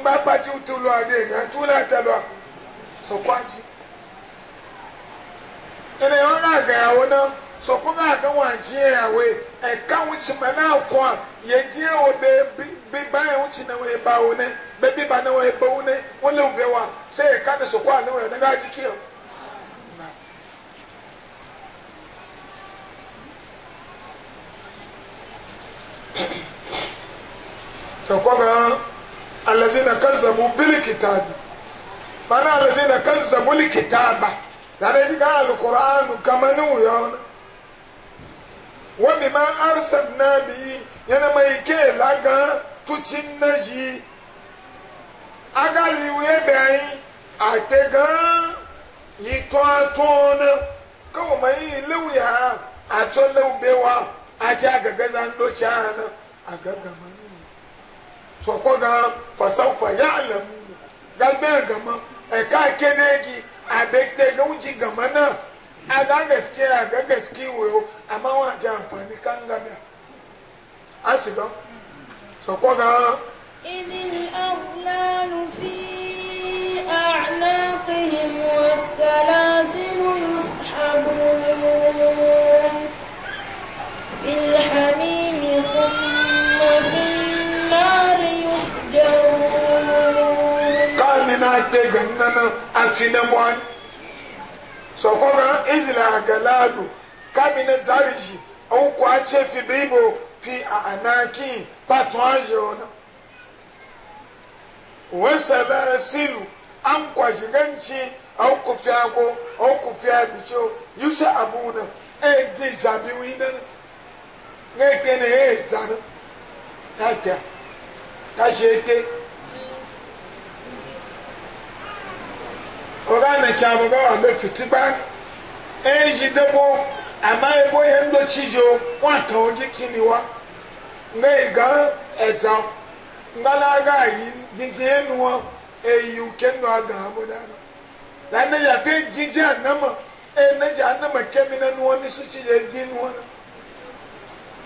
ngba kpatsi tu lɔ ade nga tu la ta lɔ sɔkɔ adzi ɛnɛ wɔn na ga yawo na sɔkɔ na e ka wɔn adzi yawo yi ɛka wo tsi ma na kɔ a yɛ dzi wo de bi bi ba yɛ wo tsi na wo yɛ ba wo ne bɛ bi ba na wo yɛ ba wo ne wo le wo bɛ wa sɛ yɛ ka ne sɔkɔ a ne wo yɛ ne ka adzi ki o. sɔkɔ kan. allazina kazzabu bil kitabi bana allazina kazzabu bil kitaba dare ga alqur'anu kamanu yon wa bima arsalna bi yana mai ke laga tucin naji agali we bai atega yito atona lewuya mai lewya atolaube wa aja gagaza ndo chana agagaman sɔkɔ gan fasaw fa ya alamu gagbɛ gama ɛka kenegi abe tɛgɛw ji gama na a ga gaske a ga gaske wo amma wa ji amfani kan gana a shiga sɔkɔ gan. idil awlalu fi a'naqihim wasalasil yushabun ate gan nana afi na mɔn sɔkɔrɔ ezila agalaado kabine zariji ɔn kɔ akyɛ fi beibo fi anakin pato ahyɛ wɔn wɔsɛbɛ silu ankwasi gankyi ɔn kofi ako ɔn kofi abikyo yusa abu e na egi zabi wi na na eke na eye zanu ta ta ta se eke. oga na kyamu ga wa be fitiba eji debo ama ebo ye ndo chijo wa ka oji kini wa ne ga eta ngala ga yi gige nu wa eyu kendo aga aboda la ne ya pe gije anama e anama kemi na nu chi je gi nu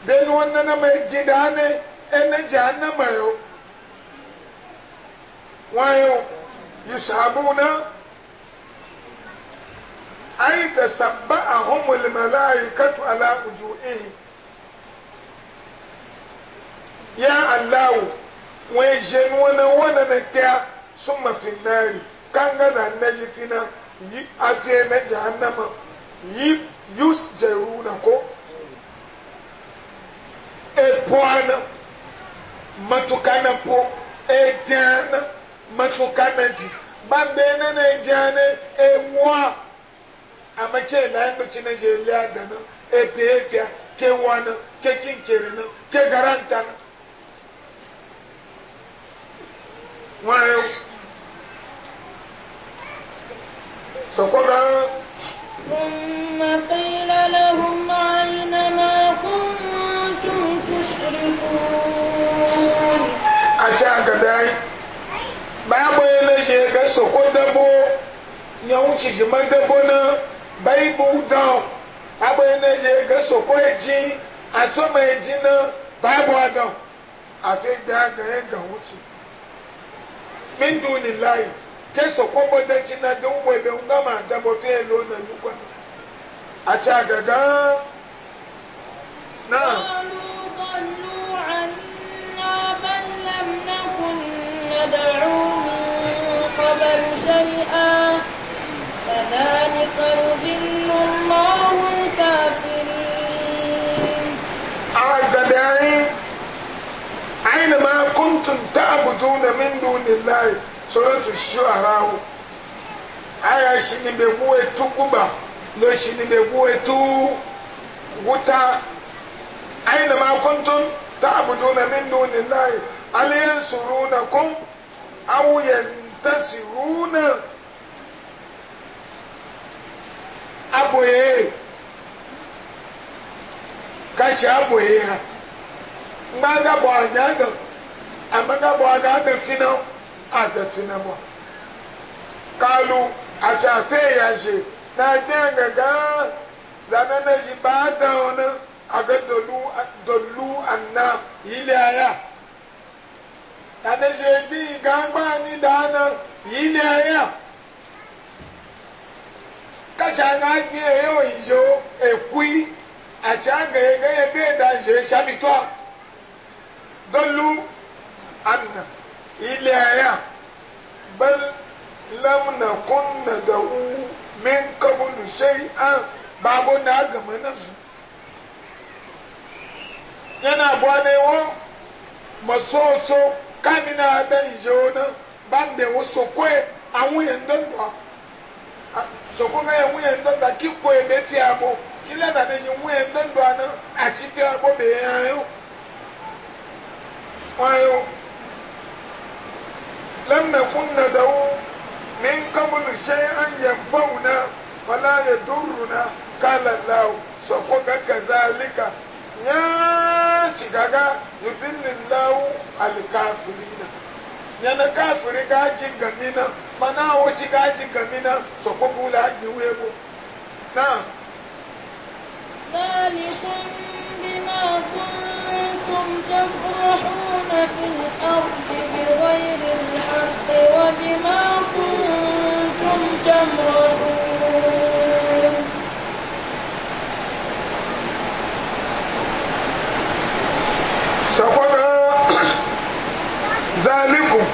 be na ma gi da ne e ne ja anama yo أي تسبأهم الملائكة على وجوههم يا الله ويجن ونا ونا نكيا ثم في النار كان غدا نجتنا أتينا جهنم يسجرون كو epoana matukana po ejana matukana di babena na ejana emwa amma e ke layan bici na je liya da nan efe efe ke wani ke kinkiri nan ke garanta nan wani sokoran ثم قيل لهم عين ما كنتم تشركون أشاك داي bayan bayan na shi ga soko dabo ya wuce jiman na baibu dɔn abe ne dze ge soko edzi atome edzi ne baibu dɔn afi da ge ye ga ŋutsi mi du ni la yi ke soko bo de dzi na de ŋu ebe ŋu gama adabo fi elo ne nu kɔ atsi agaga na. ندعو قبل شيئا كذلك bẹ̀rẹ̀ àyìnà máa kúntùn tá àbùdó na mímú níláì sọ̀rọ̀ tó ṣú ara o àyà sí ni bẹ̀ mú ètú kúbà ló sí ni bẹ̀ mú ètú wúta àyìnà máa kúntùn tá àbùdó ha maga bɔ anyaga amaga bɔ aga aga fina aga fina bɔ kalu atsafe ya ze na anyaga gã zana na zi ba dãwo na aga dolu dolu ana yili aya tani ze bi gã gba ni daa na yili aya katsa na gbie ye o yi zo ekui atsa ge ye ge ye ge dọ́lú àná ilé ayá bẹ́ẹ̀ lamna kunna da wu min kabulu shai an babu na gama nasu yana gwanewa masoso kamina da ijona ban da wasu kwe a wuyan dandwa so kuma ya wuyan dandwa ki kwe be fi abo kila da ne yi wuyan dandwa na a ci fi abo be yayo kwayo lam nakun nad'u min qablu shay'an yanfa'una wala yadurruna qala Allah sako ga kazalika ya cigaga yudillillahu alkafirina yana kafiri gaji gamina mana wuci gaji gamina sako bula ni webo na ذلكم بما كنتم أنتم تفرحون في الأرض بغير الحق وبما كنتم تمرحون سخنا ذلكم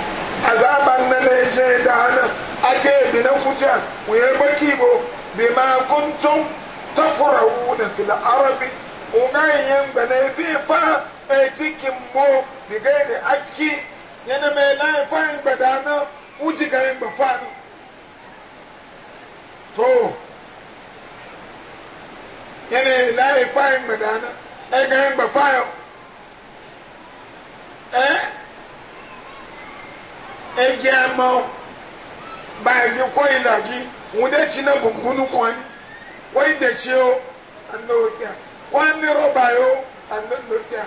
عذابا نلجي دانا أتي بنفجا ويبكيبو بما كنتم تفرحون في الأرض وغاين بنفي فهم etikin bo diga da aki yana mai layin fayin gbada na wuce garin gbafa ne to yana layin fayin gbada e na ɗaya garin e, gbafa yau eh egi ama ba egi kɔ ilagi wude tsi na gungunu kɔn wɔyi detsi o ano kia wɔn ani rɔba yi o ano kia.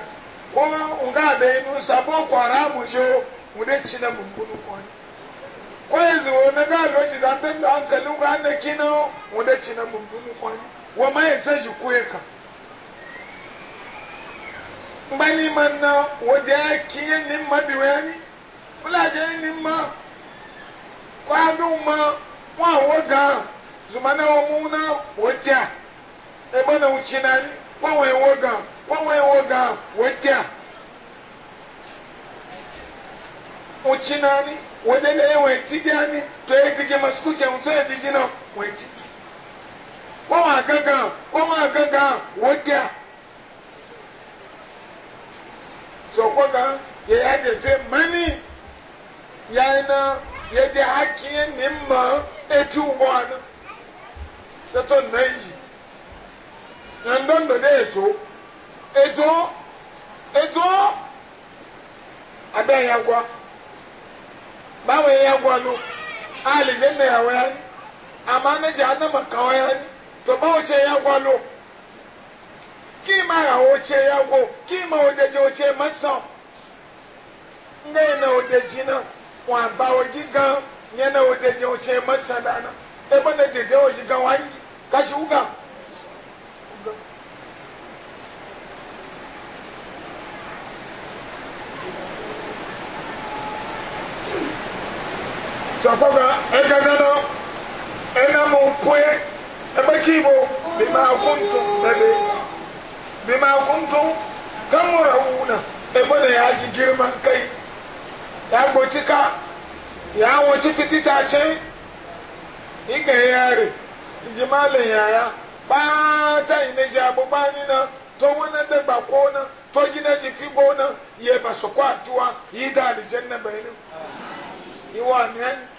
ko nga be nu sabo kwara mu jo mu de china mu kunu kwani ko yanzu wo na ga loji zan dan da hankalin ga na kino mu de china mu kunu kwani wa ma ya tsaji kueka mbani manna wo de kiyen nin mabi wani kula je nin ma kwa nu ma wa wo ga zumana wo mu na wo da e bana uchi na ni wa wo ga wọ́wọ́ ẹ̀wọ́ wee dị wọ́n ti díà ni tó yẹ ti ma sukuu jẹun tó yẹ ji na wee wọ́n ti wọ́n máa gángan aga máa gángan wọ́díà sọ̀kọ́ ya yẹ yá jẹ ya mẹ́ni yá iná yẹ jẹ hakiẹ́ ní mọ́ etí wọ́n àná tẹ́tọ́ Na edo edo abịa ya gwa gbanwee ya gwanụ alije nna ya wee ama na ji ana maka wee to ba oche ya gwanụ ki ma ya oche ya gwo ki ma odeji oche masan Nne na odeji na wa ba oji gan nye na odeji oche masan dana ebe na jeje oji gan wangi kashi uga sɔkɔga ɛgagana ɛnamu poe ɛbɛkibo bima kuntum bɛbe bima kuntum kamura wuna ebo da ya ji girman kai ya gbotika ya wace fiti dace iga yare ji malin yaya ba ta ina ji abubuwa na to wani dagba ko na to gina ji fi bo na ye ba su kwatuwa yi da alijan na bayanin iwa ne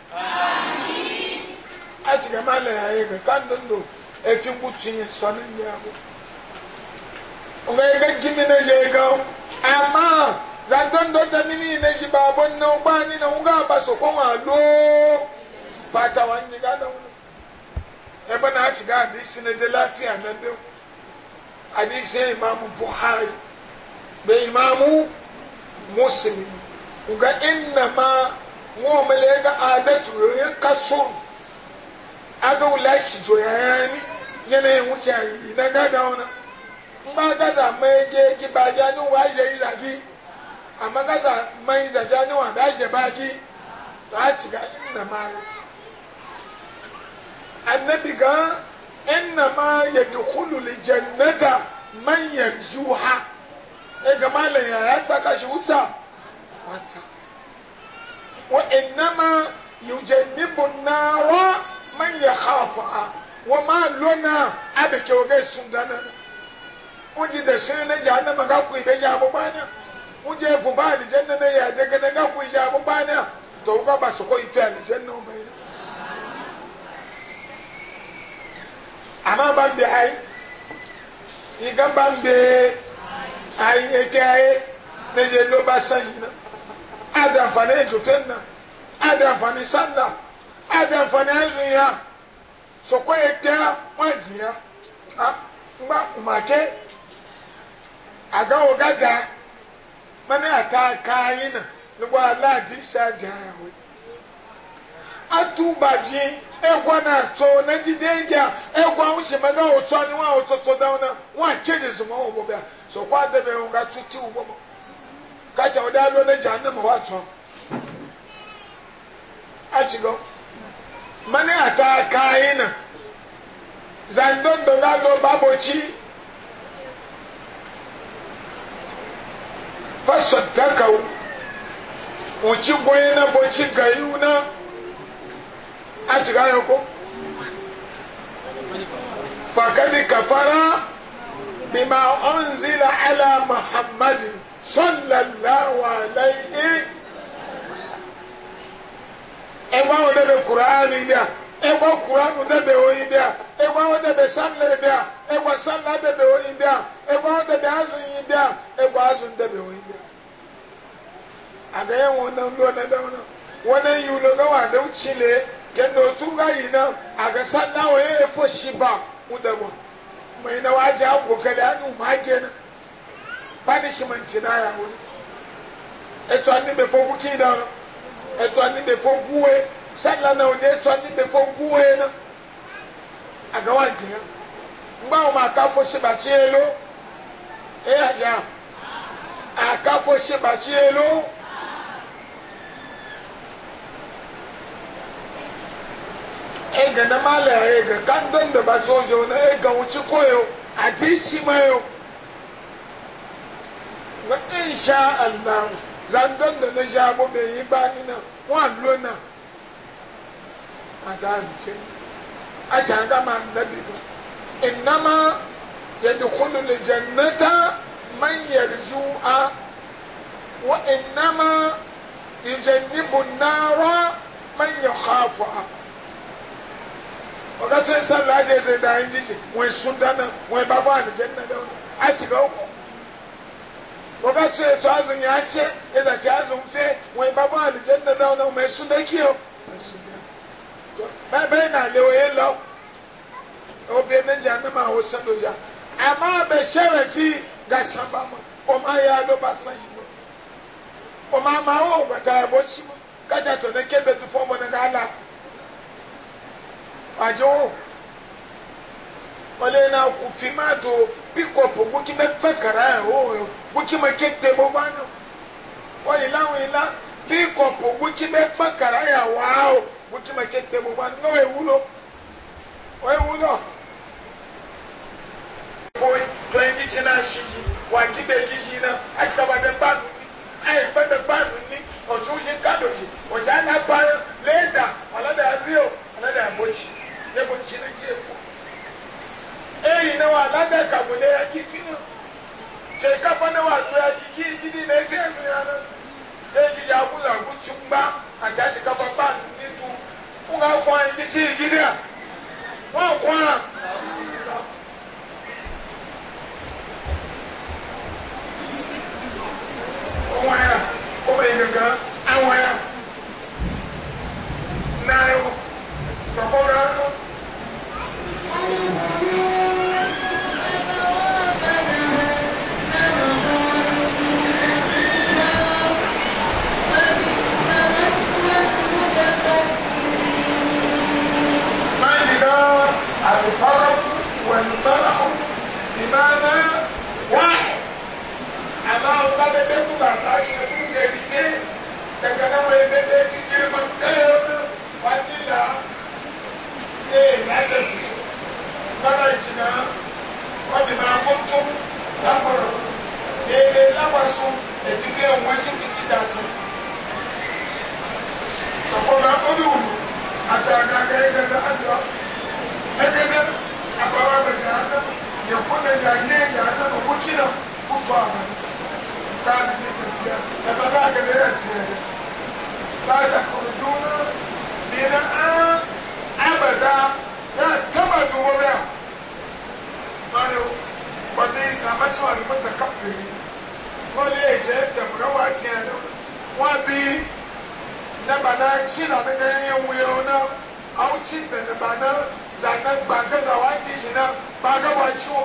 a ci gama da yayi ga kan dondo efi gutsun ya sonin ya go ga ga gimi na je ga amma zan dondo da mini na shi babon na ba ni na uga ba so ko ma do fata wani ga da wani e ba na ci ga di sine da lafiya na do hadisi imamu buhari be imamu muslim uga inna ma wọn mele ga ada turo ya kaso ada wula shi to ya ni yana yin wuce ina gada wani in ba gaza mai je ki ba ja ni wa je yi zagi amma gaza mai zaja ni wa da je ba ki to a ci ga inna ma annabi ga inna ma yadkhulu li jannata man yarjuha e ga malan ya ya saka shi wuta wata وإنما يجنب النار من يخافها وما لنا أبك وغير سندنا wọ́n jẹ́ dẹ̀sùn ní jahannama ká kú ìbẹ́jà àbúgbá náà wọ́n jẹ́ fúnbá àlìjẹ́ nínú ẹ̀yà àdẹ́gẹ́dẹ́ ká kú ìjà àbúgbá náà tòun ká bá sọ̀kọ́ ìfẹ́ àlìjẹ́ náà bẹ́ẹ̀ náà. àmọ́ bá ń bẹ ayé ìgbà bá ń bẹ ayé ẹ̀kẹ́ ayé méje ló bá sàn yìí náà. ada àǹfààní ètòtẹ́nà ada àǹfààní sanda ada àǹfààní ẹ̀sùn ya sọ̀kọ́ a kẹ́ wọ́n jìyà a ngba màkẹ́ àgáwọ̀ gàdá mẹ́ni àtà ala nà nígbà aláàjì ṣáàjà atụ atúbàjì ẹ̀gbọ́n náà tó na ẹ̀yà ẹ̀gbọ́n àwọn ṣèmẹ́gà òtọ́ ni wọ́n àwọn tọ́tọ́ dáwọn náà wọ́n àkéjì sọ̀mọ́ wọ̀ ụgbọ kacha ọdá ló na jahannama wà tún a ci mani ata kayi na zandondo lalo baboci faso wuci goyi na boci gayu na a ci gaya ko fakadi kafara bima la ala muhammadin صلى الله عليه ẹgbẹ́ àwọn ọ̀dẹ́bẹ̀ kùránì bí a ẹgbẹ́ kùránì dẹ́bẹ̀ oyin bí a ẹgbẹ́ àwọn ọ̀dẹ́bẹ̀ sálẹ̀ bí a ẹgbẹ́ sálẹ̀ dẹ́bẹ̀ oyin bí a ẹgbẹ́ àwọn ọ̀dẹ́bẹ̀ azùn yin bí a ẹgbẹ́ azùn dẹ́bẹ̀ a. àgẹ́yẹ̀ wọn náà wọn chile punishment na ya wuri etu ani bɛ fɔ wuti na etu ani bɛ fɔ guwe sanla na o de etu ani bɛ fɔ guwe na a ga wa gbìyà ngba wo ma aka fo sebasi elo e ya ja aka fo sebasi elo. ega na mala ega kan don da ba sojo na ega wuci koyo a dishi mayo nga insha allah zandon da na sha bo bai yi ba ni na wa lona a da ce a ci an gama annabi ba innama yadkhulu aljannata man yarju'a wa innama yujannibu an-nara man yakhafuha wakati sallah je zai da yin jiji wai sun dana wai babu da wani a ci ga uku wakati ya tuazu nyache eza chazu mfe mwebabu alijenda nao na umesunda kio bẹ́ẹ̀ náà lé oyé lọ obìnrin méjì àmìmọ àwọn sẹ́nu ya àmọ́ abẹ sẹ́rẹ̀ tí gàṣàmbá mọ ọmọ ayé alóba sáyé mọ ọmọ àmọ́ àwọn ògbàtà ẹ̀bọ̀ sí mọ kájà tó ní kébé tó fọ́ọ̀mù ní kálá àjọwò wọlé náà kò fi má tó píkọ̀pù gbókímẹ́ pẹ́kàrà ẹ̀hó ẹ̀hó gbókímẹ́ kéde bó bá nù wọ́n yìí láwọn yìí lá píkọ̀pù gbókímẹ́ pẹ́kàrà ẹ̀hó ẹ̀hó gbókímẹ́ kéde bó bá nù náà ewúlò wọ́n ewúlò. wọ́n tó ẹni tí náà ṣe yìí wà á kíbe yìí yìí náà á ti tàbá dé gbàdùn ní àyè fẹ́tẹ̀ gbàdùn ní ọ̀tún yìí kádò yìí ọ̀jà náà bá lẹ́ẹ̀dà aládàá sí ò aládàá eyi na wa labɛ kabule ya kifi na se kafa na wa to ya kiki didi na efe nu ya na eyi ya ku la ku tsu gba ati asi kafa gba ni tu ku ka kɔn yi ti tsi yi dira wɔn kɔn a. wɔn ya o bɛ yi kankan awon ya naa yɛ sɔkɔ na. ìmáàmá wá àmọ́ ọba bẹbẹ kú bàtà ṣe fún gẹ̀gídé gẹ̀gẹ́ náà wọ́n bẹbẹ títí ẹ̀ máa ń kẹ́yọ̀ náà wá nílà ẹ̀ lálẹ́ bára ìjìnà wọ́n ní máa kó tó lápọ̀rọ̀ ẹ̀ lápàṣọ ẹ̀dínlẹ̀ wọn ṣe fi ti dàtí. Ọ̀pọ̀lọpọ̀ akọ́lùwù àti àgàgà ẹ̀gẹ̀gẹ̀ àti ọ̀ ẹ̀gẹ̀gẹ̀ àbáwá gbẹ̀jẹ̀ àgbẹ̀ ya kuna ya ne ya na ko kucina ko to a nan ta da ne ta tiya da ba za ka da ya tiya ne la ta khurujuna min an abada ya taba zuwa ba mane ba dai sa ba su al mutakabbiri ko le je ta rawa ne wa na ba na shi na da yan na au ci da ba na zanan ba ga zawa ki na bàgà wà jù ọ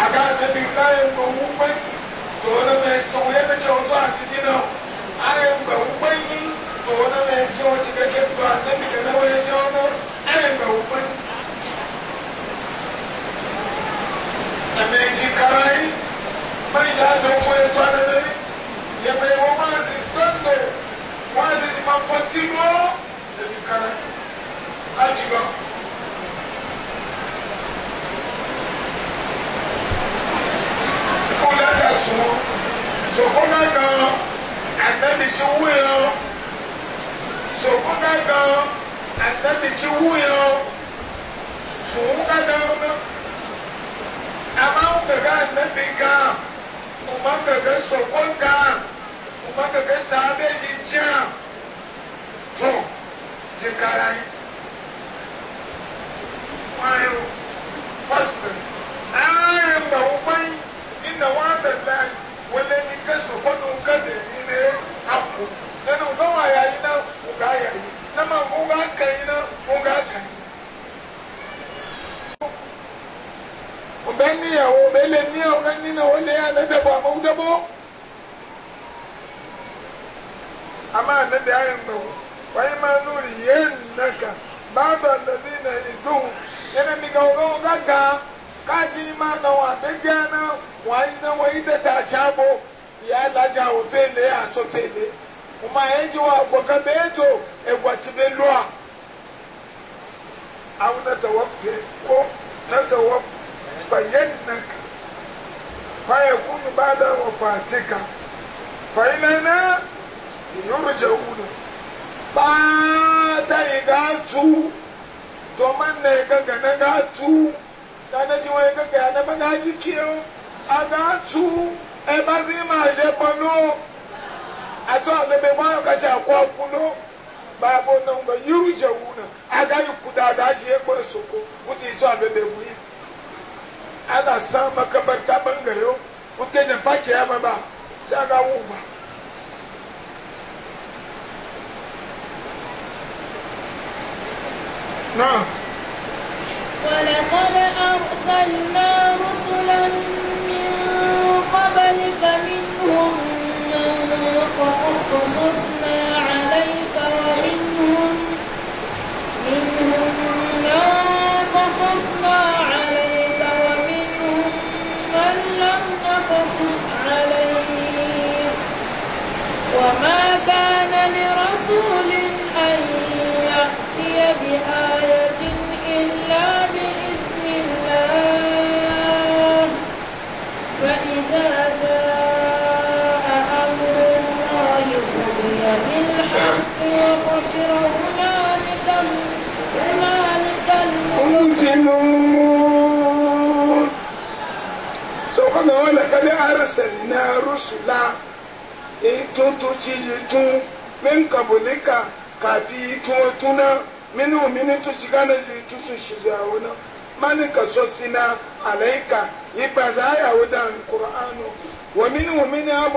aga anabi kayan gba wukpe to na mai sauye na kyau zuwa ciki na ayan gba wukpe ni to na mai ci wace ga kebba anabi ga na wani jawo na ayan gba wukpe na mai ji karai mai ja da kwaye tsara da ni ya mai wa mazi dando mazi ma fatimo da ji karai a ci gaba gata tún sọ̀kọ́ náà gan àtẹ́bìtì wúyọ sọ̀kọ́ náà gan àtẹ́bìtì wúyọ tún gata wọn. a máa ń gẹ̀gẹ́ àtẹ́bì gan mo máa ń gẹ̀gẹ́ sọ̀kọ́ gan mo máa ń gẹ̀gẹ́ sàábẹ́ yìí jẹ́ tó jẹ́kára yìí. wọ́n á yọ pásítọ̀ náà yẹ gbàgbọ́ báyìí. inna wa'ada lahi wale ni kaso kodo kade ni haku nana uga wa ya yi na uga ya na ma uga aka yi na uga ka yi ọbẹ níyàwó ọbẹ lè níyàwó ọbẹ níyàwó lè yà àmọ ọdẹbọ àmọ ayé ń gbọwọ wáyé máa lórí yéé nàkà a bá a lọ sí ìdùn yẹn ní kaji ma na wa bege na wa wa ta ya laja o pele a to pele kuma eji wa gboka beto e gwachi be lua aw na tawaffe ko na tawaffe bayannak fa yakun ba'da ilana ba ta iga tu to man ne ga na dana ji wani kake a na mana ji kiyo a ga tu e ba zi ma je pano a to a lebe ma ka ca kwa kuno ba bo na nga yuru je wuna a ga yi kuda da shi ya kwara soko wuce iso a lebe wuyi a da sa makabarta bangayo wuke da fake ya ba sai a ga wu ba Now. ولقد أرسلنا رسلا kadi arsalna rusula e tun tu ci tun min kabulika kafi tun tuna min mini tu ci kana ji tu mani ka sina alaika yi ba za ya wuda qur'anu wa min mini na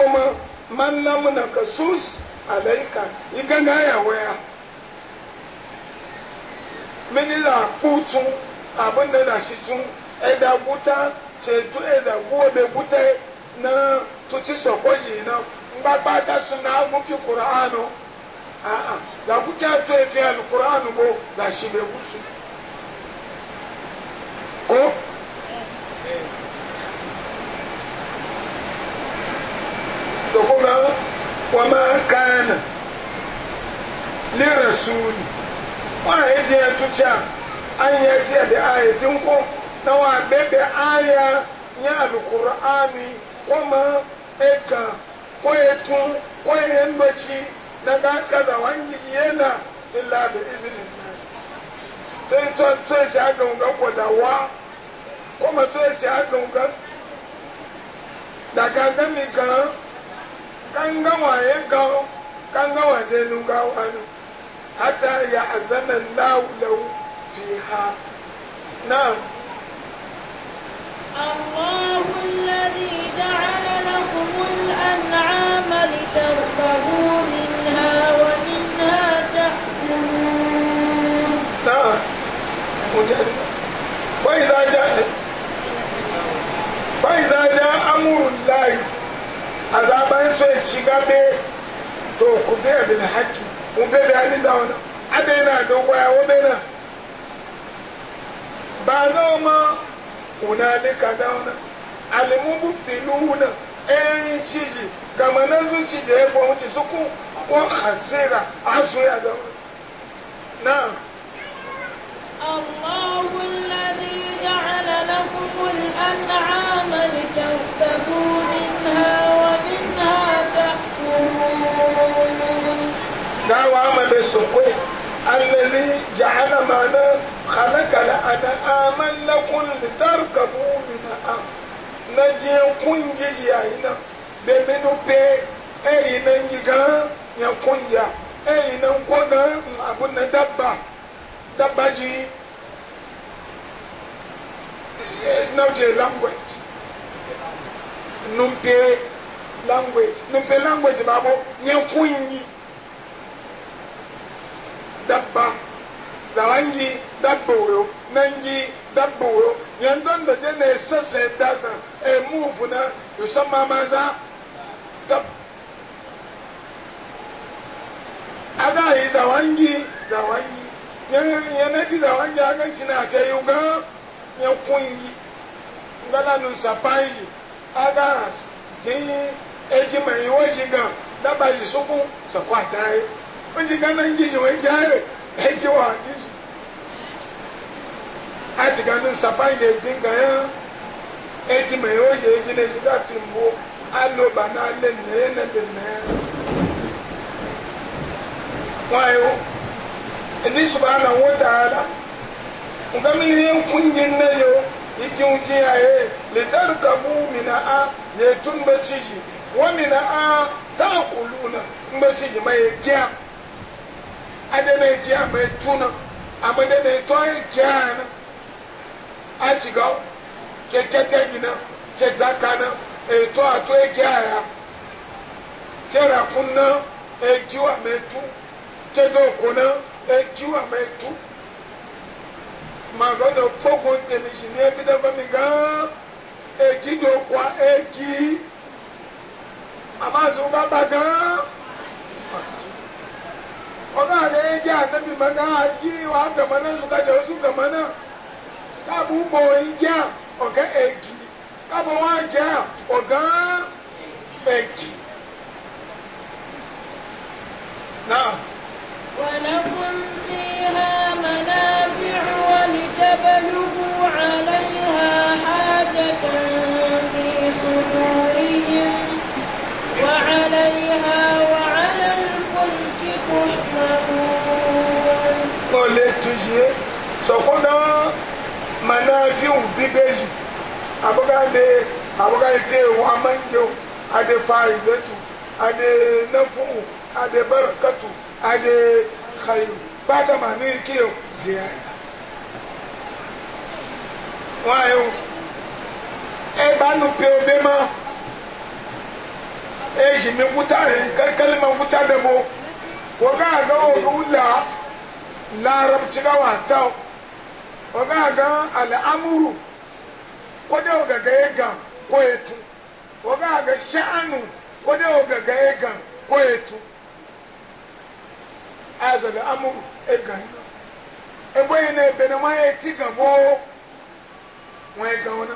man lam nakasus alaika yi ganga ya mini la putu abin na shi tun ẹ̀dá e ṣètò ẹ̀dà gbówó bẹ kútẹ́ náà tó ti sọ̀kọ́ yìí náà ńgbàgbà dásùn náà mú fi kura ánú làkúkẹ́ àtọ́ ẹ̀fẹ́ àlùkùrọ̀ ánú bó làṣì bẹ kútu. kó sọ̀kọ́ bá wọ́n máa kánà lérè sùúrù wọ́n àyè jẹ́ ẹ̀túnṣà ayé jẹ́ ẹ̀dẹ̀ ayé tí ń kọ́. tawa bebe aya ya alkur'ani kuma eka ko etun ko yambaci na dan kaza wangi yana illa bi izinin sai to to shi aka ga gwadawa kuma to shi aka ga daga gami kan kan gawa ya kan kan gawa da nunga wani hatta ya azana lahu lahu fiha na'am الله الذي جعل لكم الأنعام لتركبوا منها ومنها تأكلون نعم وإذا جاء فإذا جاء أمر الله azaban so ci gabe to ku da bil haqqi mun be da halin da wannan adai na ga waya wa bena ba noma hunalika dauna almubtiluna en shiji kama na zuci da ya suku wa hasira asu ya dauna na الله الذي جعل لكم الأنعام لتركبوا منها ومنها تأكلون دعوة عمل السكوت الذي جعل معنا خلق الأنعام لكم لتركبوا منها نجي كنجي يعينا بمنو بي أي ننجيغا يكونجا أي ننكونا أبونا دبا دبا جي It's not a language. Numpe language. Numpe language babo nyakunyi. Dabba. Zawangi dabboyo nangi dabboyo yan don da je ne sase dasa e move na yusamma maza dab aga yi zawangi zawangi yana ki zawangi akan cina ce yuga ya kungi ngala nun sapayi aga din eji mai waji ga daba ji suku sakwata yi wajen ganin gishi wai gyare eji wa gishi a ci ganin safan je ya eji yan eki mai yau je ji ne shi da fi mbo alo ba na len ne na den ne wayo ni subhanahu wa ta'ala ngamin yin kunyin na yo ikin ji aye litarkabu mina a ye tun ba ciji wa mina a ta kuluna mba ciji mai gya adana ya ji a mai tuna amma da mai toyin gya na a ciga ke kete gina ke zaka na e to a to e ke aya ke rakun na e kiwa mai tu doko na e kiwa mai tu e e e maga da kogo temishi ne bi ọ̀gá rẹ̀ jẹ́ àtẹ́bí mọ́gá ají wàá gàmọ́nà sùgájọ́ sùgámọ́nà. káàbù bòyí jẹ́ ọ̀gá èjì káàbù wá jẹ́ ọ̀gá èjì. náà. ولكم فيها منافع ولتبلغوا عليها حاجة في صدورهم وعليها وعلى الفلك تحملون. قلت شيء سقطا na fiw bibeji aboga de aboga de wa manjo ade faidatu ade nafu ade barakatu ade khairu bata mani kiyo ziyada wayo e banu pe obema e jimi kuta e kalma kuta debo ko ga ga o la larabci ga wa tawo oga aga al'amuru ko dai ega ga ga ko yetu oga ga sha'anu ko dai oga ko yetu aza al'amuru e ga ni yi na ebe na ma ya ti ga bo wa ga ona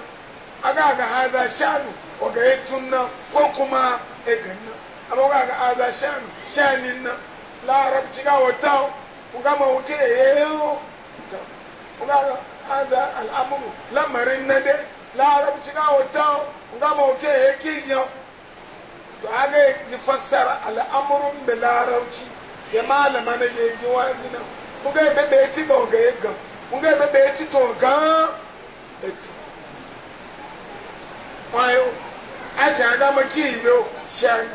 aga ga haza sha'anu oga etu na ko kuma e ga ni amma oga ga haza sha'anu sha'anin na larabci ga wata ko ga ma wuce ngaro aza al'amuru lamarin na dai larabci ga wata ga mauke ya kijiyan to aga ya ji fassara al'amurun da ci ya malama mana je ji wazi nan kuga ya bebe ya ci ga oga ya gan kuga ya bebe ya ci to ga etu ayo a ci maki yiwu shari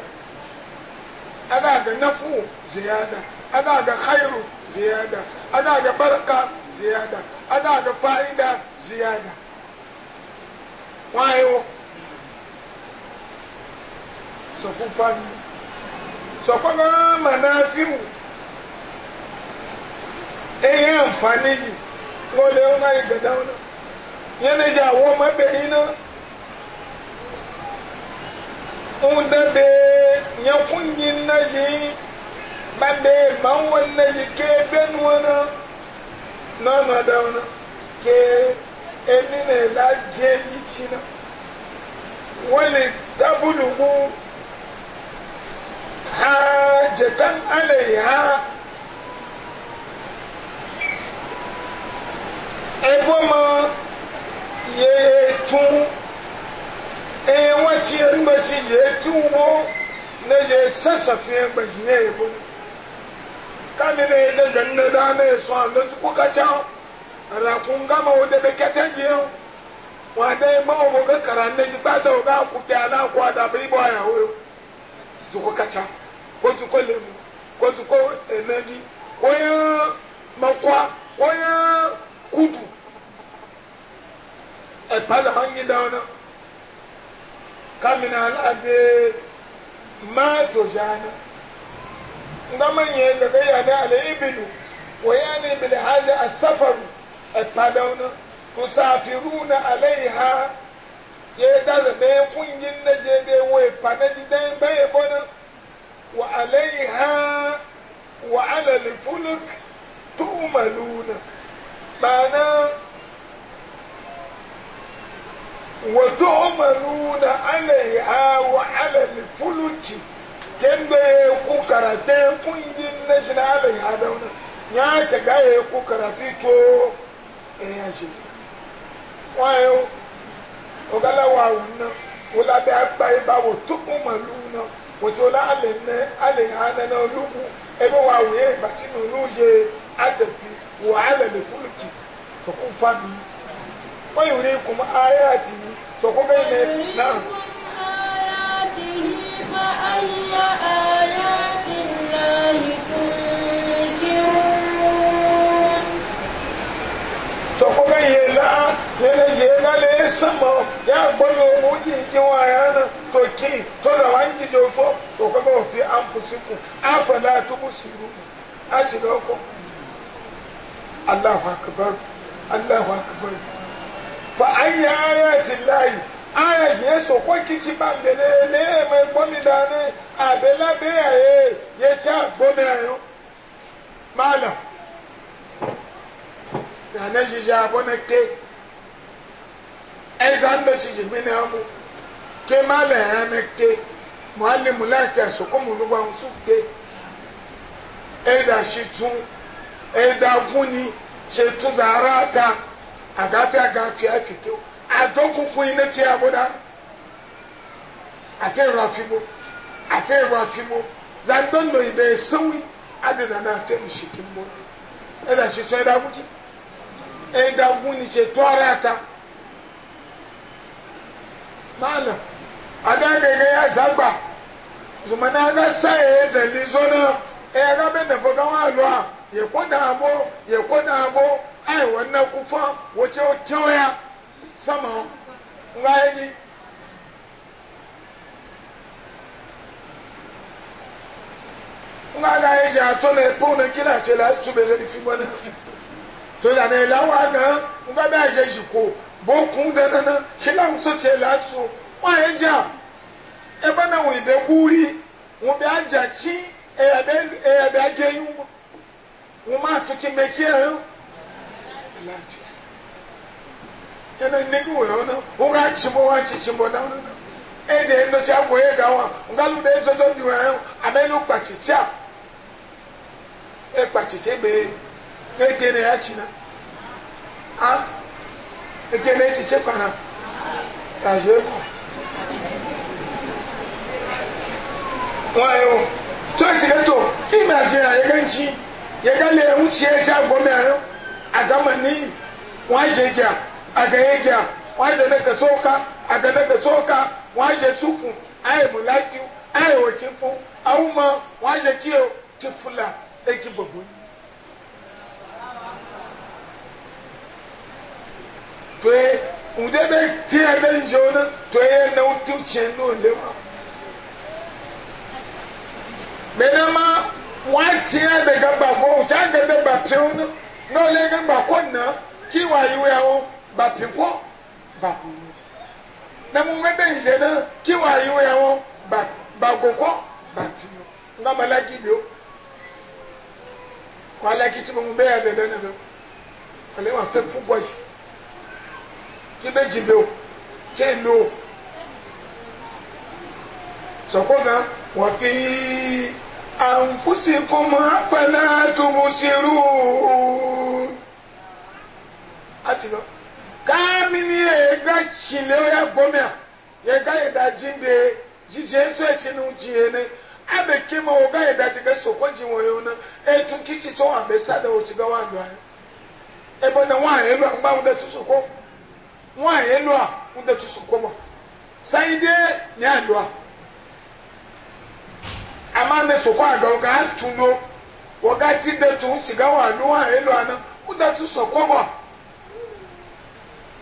aga ga nafu ziyada aga ga khairu ziyada ana da baraka ziyada ana da fa'ida ziyada wayo sọkún fani sọkún náà màná fíwù eyi ànfàní yìí wọ́n lé wọn ayé gbẹ̀dá wọn náà yẹn lè ṣe àwọn ọmọ ẹgbẹ́ yìí náà ń dẹ́gbẹ́ yẹn kún yìí náà yìí. bande ban wannan ji ke ben wani na ma da wani ke emi ne za je yi ci na wani tabulugu ha jetan alai ha ebo ma ye tun e wacce yin baci je tun wo na je sassafe baci ne ebo ne kami na yadda ganna da na yaso a lotu kuka can rakun gama wadda da kyatan giyan wadda ya o boga karan na shi ba ta waga ku fi ala ku a da bai ya yawo ju kuka can ko ju ko lemu ko ju ko enagi ko ya makwa ko ya kudu e pala hangi da wana kami na al'ade ma to jana نمن يدعي على الابل ويعني بالحاجة السفر التالون تسافرون عليها يدعي بيقون جنة جدي ويبقى جدي بيبون وعليها وعلى الفلك تؤملون معنى وتؤملون عليها وعلى الفلك tendo ya ku karate kundi na jina da ya dauna nya ce ga ya ku karate to eh ya shi wayo ogala wa wunna la be agba iba e wo ma lu na wotu la ale ne ale ha na na olugu ebe wa wo ye ba ti nu luje atafi wa ala le fulki so ku fami wayo ri kuma ayati so ku be ne na sama ya gbọ́dọ̀ owó jíjí wọn àyà náà tó kí tó lọ wá ń jíjẹ òfò sòkòtò òfin àǹfọ̀síkù àfọ̀lá àtúbù sírù àṣìlẹ̀ ọkọ̀ Allahu akbar Allahu akbar fa ayé ayé ti aya zie sokwa kiti bande ne ne eme gbomi dani abela be aye ye cha gbomi ayo mala na ne jija ke eza ndo chiji mi ne amu ke mala ya ne ke muallimu lafiya sokwa mu lugba nsu ke eda shi tun eda guni se tun zara ta agafi agafi afitiwo àjọkùnkùn iná tí a bọ́dá àfẹ́rọ àfimó àfẹ́rọ àfimó zandọ́nà ìbẹ̀ sẹ́wì àdìsànà àfẹ́rọ ṣèkí mọ́ ẹ̀dà ṣètò ẹ̀dà wújì ẹ̀dà wún ní ṣètò ara ta mánà adágẹ̀gẹ̀ yà sàgbà zùmọ̀nà ẹ̀dà sáyẹ̀ ẹ̀dà lè zọ́nà ẹ̀dà bẹ́ẹ̀ nàfọ̀ káwọn àlọ́ à yẹ̀kọ́ dààbò yẹ̀kọ́ abo ayi nàkú fún wọ́n tí ó tẹ́wọ́ sama nga yeji nga ga yeji ato le po ne kila se la tube le fi bona to ya ne la wa ga nga ba je ji ko bo kun da na na kila so se la tu wa yeji a e ba na wo ibe kuri wo be aja chi e ya be e ya be aje yu wo ma tu ki me ki e lafi yana negi wuyo na unga chimbo wa chichimbo na na ede ndo cha kwe ga wa nga lu de zozo ni wa yo amelu kwa chicha e kwa chiche be e gene ya china a e gene chiche kwa na ta je ko wa yo e to chiga to imagine ya ganchi ya gale wuce ya sha gome ayo adama ni wa je ga agayeja waje lete tsoka agalete tsoka waje suku aye mulaki aye wakifu auma waje kiyo tifula eki babu pe ude be tira be njona to ye na utu chendo lewa benama wa tira be gaba ko uchande be bapyo no le gaba na kiwa iwe awo ba pepɔ ba kunu na mu mɛbɛ nhyɛ no kiwa ayiwo ya wɔn ba ba gokɔ ba pino nga ma laki bi o wa laki si mo mu bɛ ya dɛdɛ ne do ale wa fɛ fubɔ yi ki bɛ dzi bi o kye lo o sɔkɔ gan wa fi anfusi kɔma fɛlɛ tubu seru a ti lɔ. kaamini ye ga tsile ya gbɔmia ye ga yi da dzi be dzidze tso etsi nu dzi ene ne abe ke ma wo ga yi da dzi ge soko dzi wo yewo ne etu kitsi tso wa be sa de wo tsi ge wa do ayi ebe ne wa ye a ŋgba ŋu de tu soko wa ye a ŋu de tu soko ma sanyi de ne a a ama ne soko aga wo ga tu lo wo ga ti de tu tsi ge wa do wa ye a ne ŋu de tu soko ma.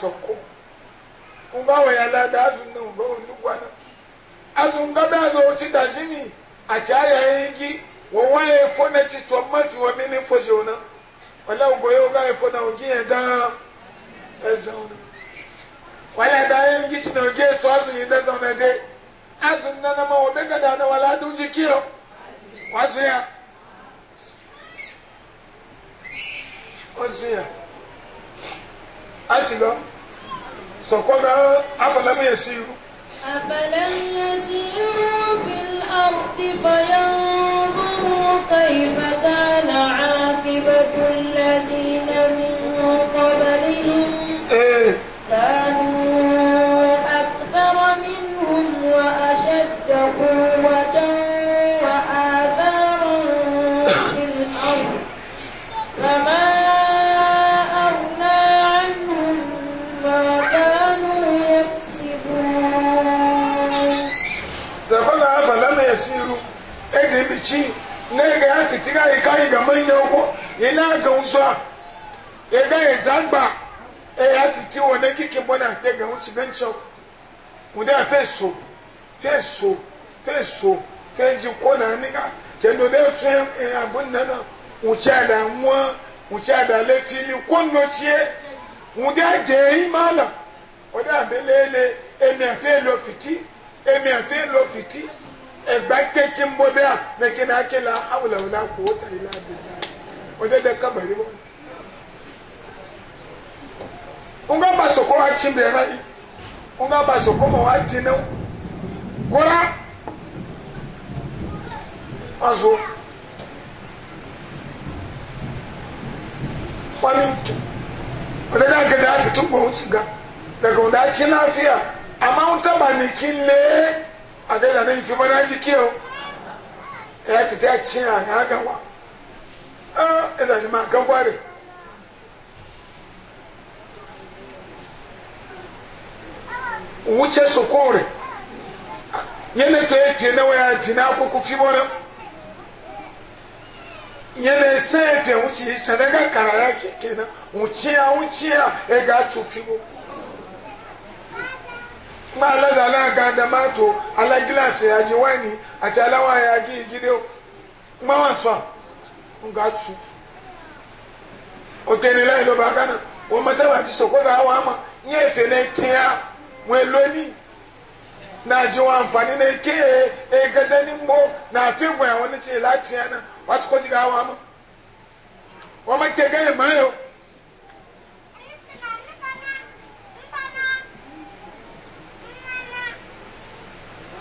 soko nga wa ya lada azun na nga wa nugwa na azun nga da ga wuce da shi ne a caya ya wa waye fo na ci tuwa mafi wa mini fo shi wuna wala ugo yau ga ya na ugi ya ga ya zauna wala da ya yi na ugi ya tuwa azun yi da zauna dai azun na na ma wa da na wala dun ji kiyo wasu ya wasu ya ati lọ sọkọ bẹ afọlẹmu yẹ siiru. afọlẹmu yẹ siiru fi ardi bayan duru kaibata. fitici na ga ya fiti ga yi kayi ga na ko ina ga usuwa ya e ga ya zagba e ya fiti wa na kiki bana ta ga wuce gancin ku da feso feso feso ta ji ko na ni ga na do da su ya e abun nan wuce da muwa wuce da lafili kunno ciye mu da ga yi malam o da belele emi afe lo fiti emi afe lo fiti egbakekin bobe a na kina kila haula wala quwwata illa billah ode da kabari ba unga ba soko a na da rai unga ba soko ma wati na gora azo wani ode da ga da fitu ba wuci ga daga wanda ci lafiya amma wuta ba ne kin le adela ah, na ifi mana ji kiyo ya ki ta ci a na gawa ah ila ji ma gaware wuce su kore yana to ya fiye na waya jina ko ku fi mana yana sai ya fiye wuce sadaka kara ya shi kenan wuciya wuciya ya ga tufi mu ma alaza ma damato ala gilasi yaji wani ati alawa yagi igide ma wa a nga tu oteni ilo lo baga na wo mata ba ti soko e, e ga awa ama nye efe na tia we loni na ji wa anfani na eke e ni mbo na afi gwa ya wani ti la na wa ti ko ji ga awa ama wa ma ke ga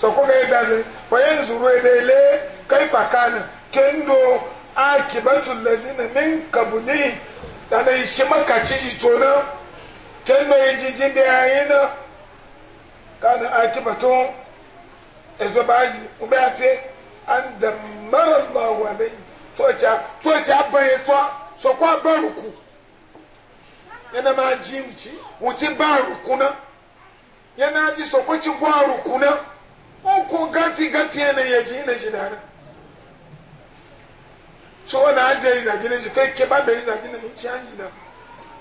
so ko ga yadda zai fa yin zuru ya kai fakana kendo akibatul lazina min kabuli da na ishi makaci jito na kendo yi jijin da yayi na kana akibatun ezo ezobaji ube afe an damara Allah walai tsoca tsoca bayan tsoa so kwa baruku yana ma ji wuci wuci baruku na yana ji so gwaruku na uku gati gati yana ya ji ina na so na aje ina gina ji fe ke ba be ina gina ji ci anji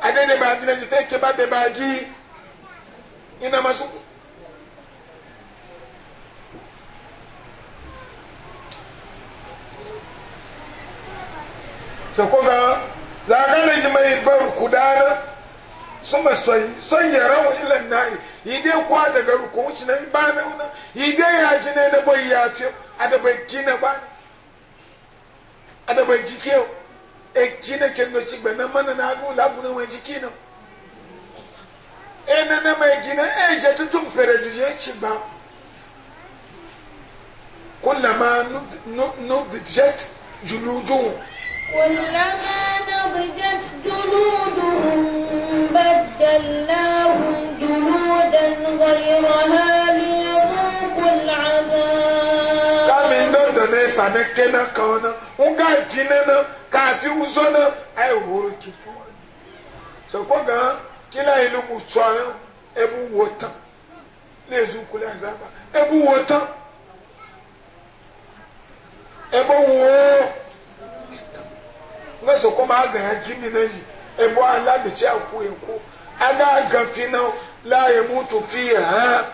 ade ne ba gina ji fe ke ba ba ji ina masu so ko ga za ka ne mai bar kudana suma soyi son ya rawa ilan nari yi dai kwa daga rukun shi na ba e na wuna yi dai ya ji ne da bai ya fiye a da bai kina ba ne a da bai ji e kina ken da shi gbana mana na agu lagu na mai ji kina e na na mai gina e je tutun fere da je ci ba kullama nubdijet juludun kullama jet juludu. وبدلناهم جنودا غيرها ليذوقوا العذاب كامين دون دون كونا ونغا كاتي وزونا اي وركي فوان سوكوغا كلا يلو مصوانا ابو وطن ليذوقوا العذاب ابو وطن ebe wo nga sokoma aga ya gini na yi ebo ala de kyɛ ako eku ana aga fi na la emutu fi ha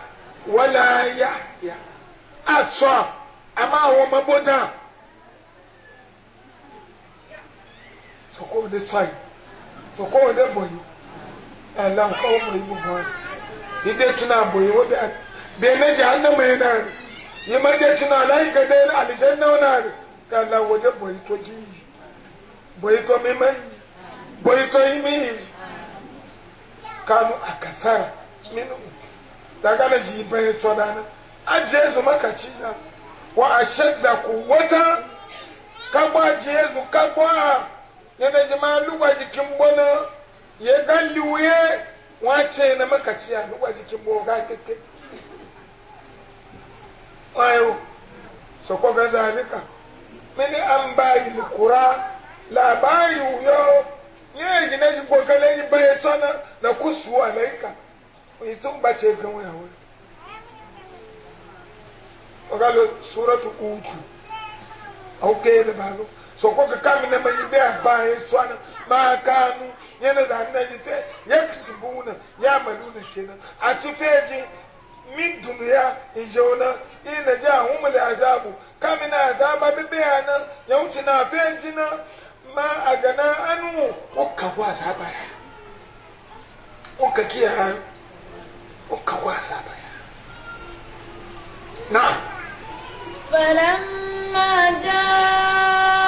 wala ya ya atsɔ a ama awɔ ma bɔ da sɔkɔ de tsɔ yi sɔkɔ de bɔ yi ala nka wɔn yi bɔ yi de tuna bɔ yi o de bɛn ne gya anam yi na ni yi ma de tuna ala yi gɛdɛ alijan na o na ni ka ala wɔ de bɔ yi tɔ di yi bɔ yi tɔ mi ma yi. boito imi kanu akasara minu daga na ji bai tsona na ajiye su maka cija wa a shadda kuwata kagba ajiye su kagba yana ji ma lugwa jikin bona ya galli wuye wace na maka cija lugwa jikin bona ga keke ayo so ko ga zalika mini an bayi kura labari yau yeye jina yi gbɔ kele yi be etsɔ na na ku su ale yi ka yi tso ŋgba tse gã wo yawo ɔga le suratu utu awo ke ye le ba lo sɔkɔ keka mi na ma yi be aba ye tsɔ na ma ka nu nye ne zan na yi te ye kisi bu na ye amalu na ke na ati fe dzi mi dunu ya izewo na yi na dzi ahumele azabu kami na azaba bebe ya na yewu tsi na fe dzi na. ma a gana anu ọka kwa sabara ọka kiya ha ọka kwa sabara na Falamma jaa.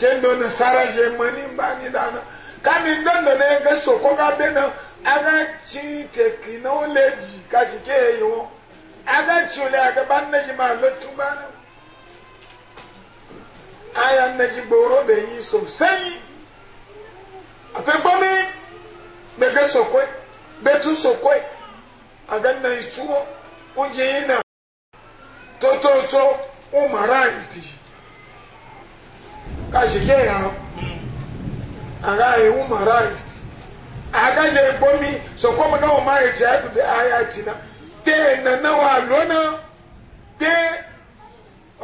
kendo na sara je mani ba ni da na na ga soko ga be na aga ci technology ka ci kee yi aga ci aga ban na ji ma lotu ba na aya n'eji ji gboro be yi sosai a fe gbomi be ga soko be tu soko aga na na so ó kàṣìkẹ́ ẹ̀yà ara ewu mara agaje gbomi sọkọ mi náà máa ẹ̀jẹ̀ àdùdẹ ayé àtìná dé nana wà lọ́nà dé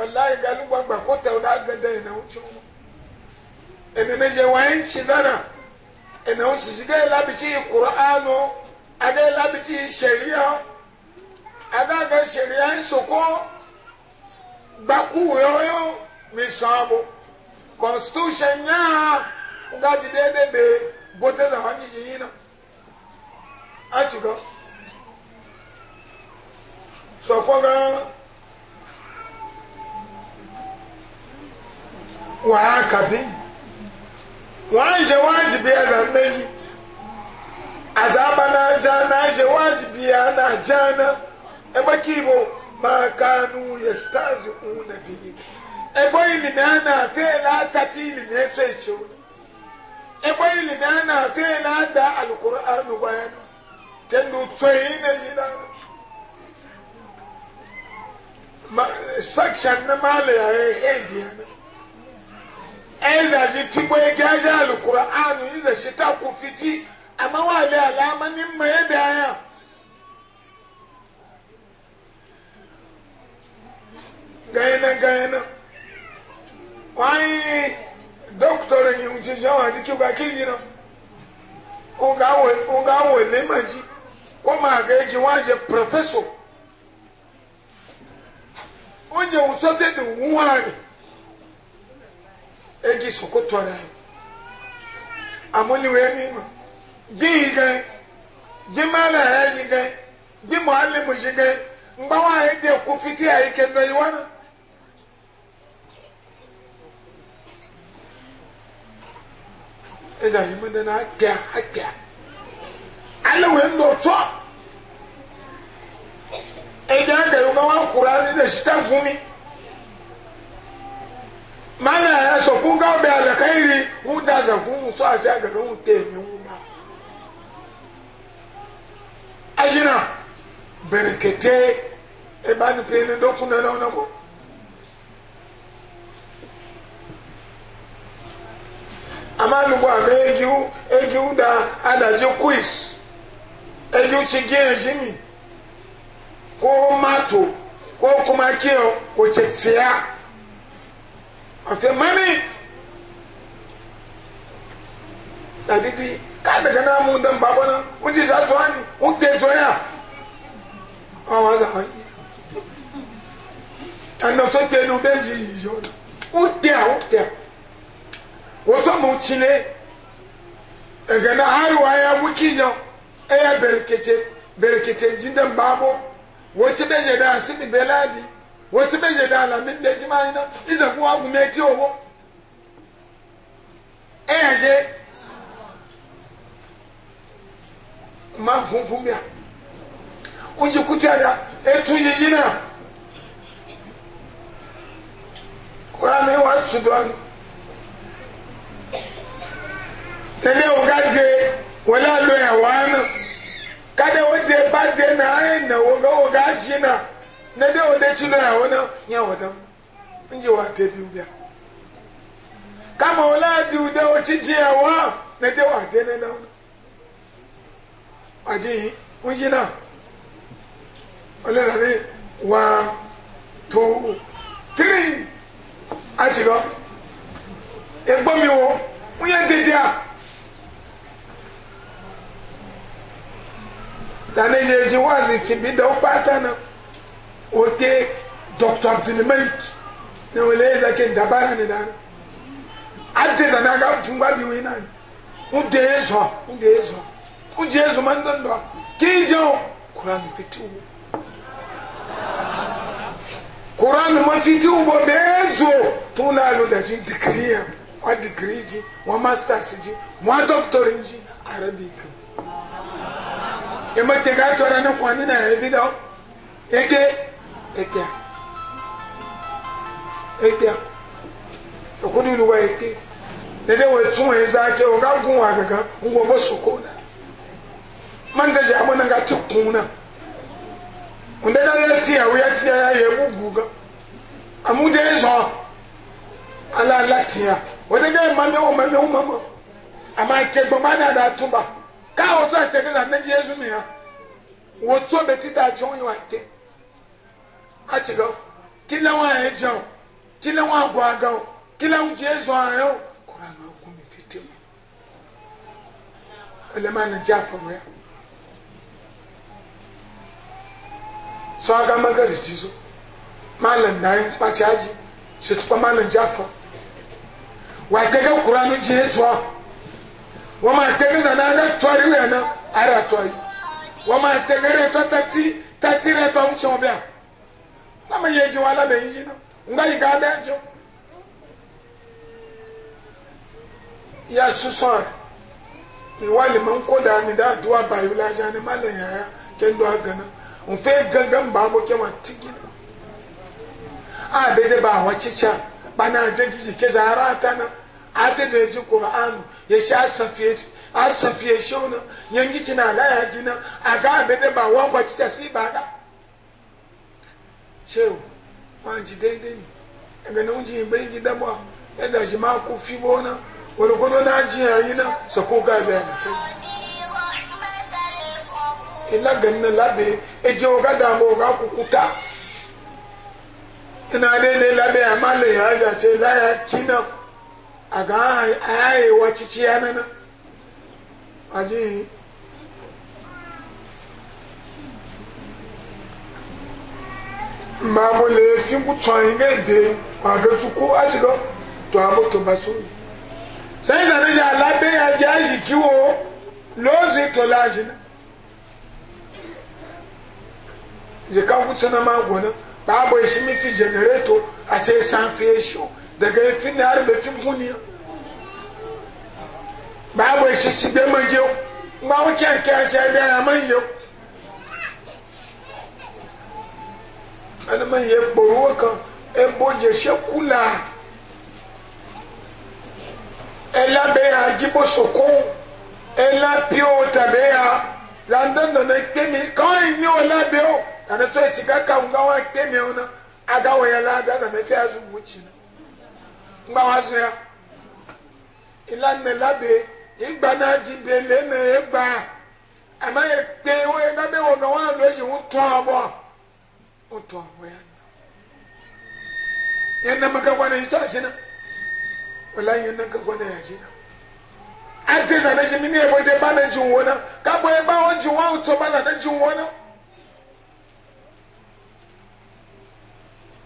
ọ̀la ìgbàlúgbàgbà kó tẹ̀ ọ̀la gbẹdẹ ìnáwó tí wọn. ẹnìyẹn ṣe wọ́n ń ṣe sára ẹnìyẹn ń ṣiṣẹ́ gẹ́gẹ́ lábìsí kùránù adé lábìsí ṣẹ̀ríà adága ṣẹ̀ríà ń sọkọ gbàkúwèé ọyọ́ mi sọ àbọ̀ constitution nya nga ji daidai be gote da hanyi ji yina a shiga so kwaga wa aka bi wa je wajibi ya meji, yi azaba na ja na je wajibi ya na jana ebe kibo ma kanu yastazi una biyu ebo ilimi ana afeela atati ilimi eto ekyo ebo ilimi ana afeela ada alukur'anu gwanu kendu tsoyi ne yina ma section na maale ya eh, hendi ya ɛza zi tigbo eke aja alukur'anu yi za shita ku fiti ama wale alama ni mma ebe anya. Gayana gayana. wani doktor yi wuce jawa jiki ga kiji nan ko ga wale maji ko ma ga yaji waje professor onye wuce ta da wuwari egi ya na amuli wee nima bi ga bi mala ya yi ga bi muallimu shi ga mgbawa ya da ku fiti a yi kendo yi wani ẹ̀dá yìí mọ́ dáná àkẹ́ àkẹ́ alẹ́ wẹ̀ ń lọ tọ́ ẹ̀dá àgàlù kan wọ́n kura ẹ̀dá ṣìtá fún mi máa nà ẹ̀ sọ̀kún gáwọ́bẹ̀ àlàkà yìí rí wọ́n dá sọ̀kún wọ́n tọ́ àti àgàlù wọ́n tẹ̀ ẹ̀mí wọ́n má. ayina bẹ̀rẹ̀ kẹtẹ́ na e na amalugu ama egiwu egiwu da adadze quiz egiwu tsi gi ezimi ko mato ko kumakio ko tsetsia afi mami dadidi k'ale kana mu dɛm ba o ti sa tɔn ni o te tɔn ya ɔ wa sa ayi anɔtɔ gbɛlu bɛ n yi yɔ o tɛ a o tɛ a woso mu kyine egana hari wa ya wiki jam eya berekete berekete jindan babo wote beje da asibi beladi wote beje da la min de jima ina iza kuwa gumeti owo eya je ma hunfu bia unji kutia ya etu yijina Kurani wa sudwani tẹ̀lé ọ̀gá jẹ wọlé àlọ ẹ̀wà nù kádé ọ̀dẹ bá dé nà á yẹn nà ọ̀gá ọ̀gá jì nà nàdé ọ̀dẹ tsi nà ẹ̀wọ̀ nà nyẹ wọ̀ dẹ̀ ńjẹ wà tẹ̀bi wíwá kama wọlé àdì ọ̀dẹ ọ̀tsi nà nà wà tó à. dane je ji wazi ki da upata na ote dr abdulmalik na wele za ke dabara ne da ante za na ga tungba bi wi nan u de yeso u de yeso u je yeso man don do ki je quran fitu quran ma fitu bo bezo tuna lo da ji degree wa degree ji wa masters ji wa doctor ji arabic emete ka na kwa e na-ebido eke eke ege okudi luwa eke dede wee tụọ eze aje ọ ga gwụ nwa agaga ngwa ọgbọ soko na ji ga na ti ya wee ti ya ya amụje ala ti ya ọ dịga ịma mmewụ atụba kaa wotu ateke na ne gye ezu mia wotu obeti da akye wonyi wate akye gaw kila wɔn a egya o kila wɔn agɔ aga o kila wɔn gye ezu ayɛ o kora na ogu mi tete mu elema na gye afɔwɔ ya so aga maga regyi so maala nnan kpakye agye setukpa maala gye afɔ wa ateke kora no gye ezu a wama tegeza na ana twari we na ara twari wama tegere to tati tati re to mcho bia na ma yeji wala be yiji na nga yi ga da jo ya susan ni wali man ko da mi da duwa ba yi la jani mala ya ya ken do agana on fe gangan ba mo ke ma tigi a be de ba wa chicha bana je giji ke za ara ta ade da ji qur'anu ya shi asafiye asafiye shona yangi cina la ya jina aga abede ba wan kwa kita si ba da shehu wan e ji daidai ne daga nan ji bai gida ba yadda shi ma ku fi bona wani kudu na ji yayi na su ko ga biya ila e ganin labe eje oga da mo oga kukuta ina e lele labe amale ya ga ce la ya kinan aga ayaye wa cici yanana aji mamu le fi ku tsoyin ga ibe kwaga tuku a shiga to abu to ba su sai da rija labe ya ji a shi kiwo lozi to lashi na je ka kuce na magona ba abu shi mifi generator a ce san fiye shi daga ya fi na harbe fi huniya ba bai shi shi bai man yau ba mu kyan kyan shi da ya man yau ana man ya boro kan e boje she kula e la be ya jibo soko e la pio ta be ya landan da na kemi kan ni wala be o kana to e shi ga kan ga wa kemi ona aga wa ya la da na me fi azu wuci na ngba wa zɔ ya ìlànà lábẹ ìgbà náà jí bẹlẹ mẹ ẹ gbà àmọ èpè wo ẹ nábẹ wò náà wọn lọ yìí ń tún àbọ ó tún àbọ ya yẹn nàmọ kankan náà yìí tó àṣẹ náà wọlé yẹn nàmọ kankan náà yà jí artist ana shi mini ebo ba na ji wona ka bo e ba ji won to ba na ji wona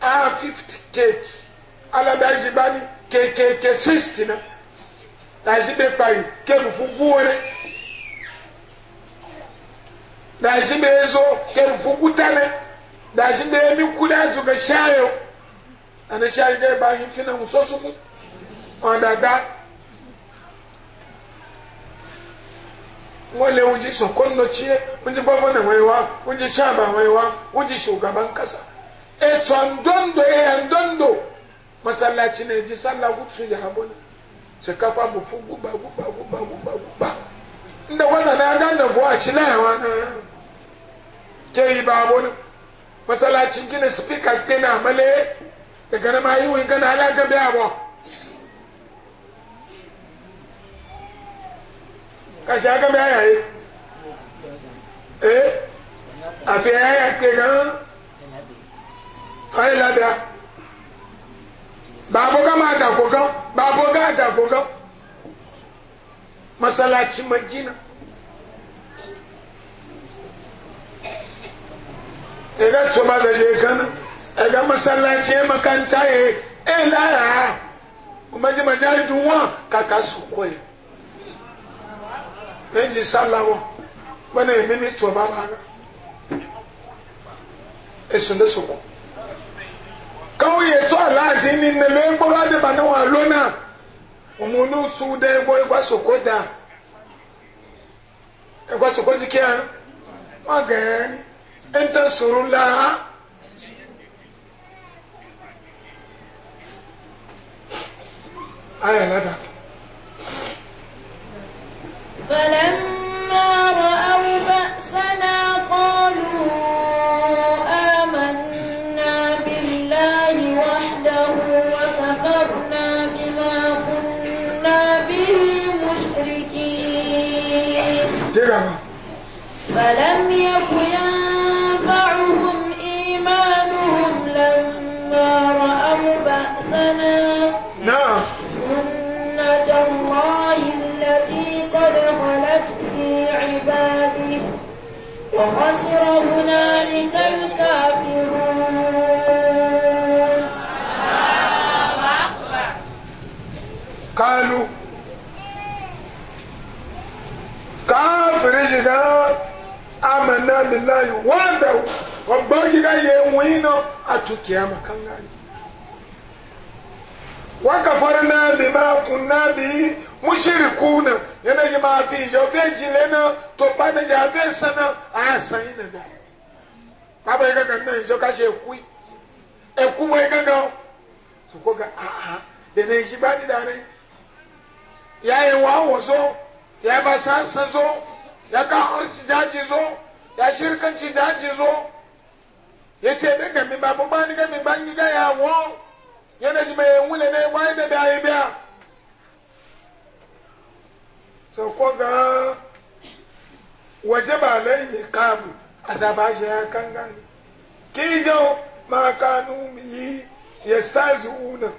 ah 50 cake ala bɛ azi ba ni kekeke sisti na azi bɛ kpa yi kerufu guwore azi bɛ ezo kerufu gutane azi bɛ emi kuda azu ka shayo ana shayo de ba yi fi na musosuku ɔdada wọ́n lé oúnjẹ sọ̀kọ́ ńlọ tí yẹ oúnjẹ gọ́vọ́nà wọ́n yẹ wá oúnjẹ sábà wọ́n yẹ wá oúnjẹ ṣògàbá ń kásá ètò àndóńdó ẹ̀yà àndóńdó masallaci na ji sallah gutsu ya habona sai kafa mu fu guba guba guba guba guba inda wannan na ga da fuwa ci na yawa na ke yi ba bona masallacin gina speaker ke na male daga na ma yi wani gana ala gabe abo kashi aka bai yayi eh a fi yaya ke gan ayi labiya babo ga ma da kogan babo ga da kogan masalacin majina ega tsoba da je kana ega masalaci ya makanta ya e lara kuma ji majalidu wa kaka su kwai ne ji sallawa wani emini tsoba ba na esu ne su kwai kauye tso alaji nine lo egboro adeba ne wa lo na su de egba soko da egba soko ti kia wa gẹẹ ẹntẹ e soro la ha فلما رأوا بأسنا فلم يكن ينفعهم إيمانهم لما رأوا بأسنا نعم سنة الله التي قد خلت في عباده وخسر هنالك الكافرون قالوا na shiga amanna billahi wanda wabba ki ga ye wino atukiya makangani wa kafarna bima kunna bi mushrikuna yana ji ma fi jo fe jilena to pa da ja fe sana a sai na da ka ba ga kan nan jo ka she ku e ku ba ga ga so ko ga a a da ne shi ba ni da ne yayin wa wo so ya ba san san so ya kawarci jaji zo ya shirkanci jaji zo ya ce ɗin gami ba bu bani gami ban gida ya wo yana ji mai wule ne wai da bayi biya so ko ga waje ba lai kamu a zaba shi ya kan gani ki jau ma kanu mi yi ya sa zuuna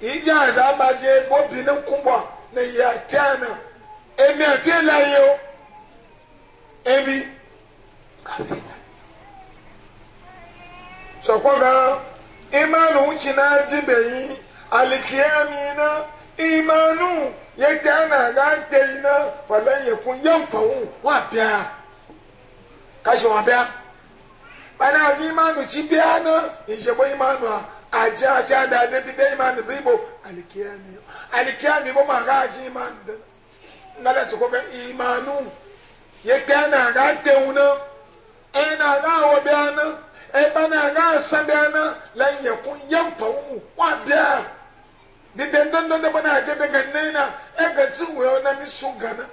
ija zaba je bobi na kubwa na ya tana emi a fiye layo ebi kafin sọkọ gan imanu wuce na jibeyi alikiyami na imanu yadda ana ga gbeyi na falon yakun yan fawon wa biya kashi wa biya bana ji imanu ci biya na ìṣẹ̀gbọ́ imanu a ajá ajá dáadé bíbẹ́ imanu bíbò alikiyami alikiyami bó ma ga ajá imanu dáná nígbà tí kò imanu. yekpe na aga tewu na ɛna na aga awɔ bia na ɛba na e aga asa bia na la yɛ ko yɛn fa wu wa bia dede ndɔndɔ dɔbɔ na agye de gane na ɛga e si wɔ na mi so gana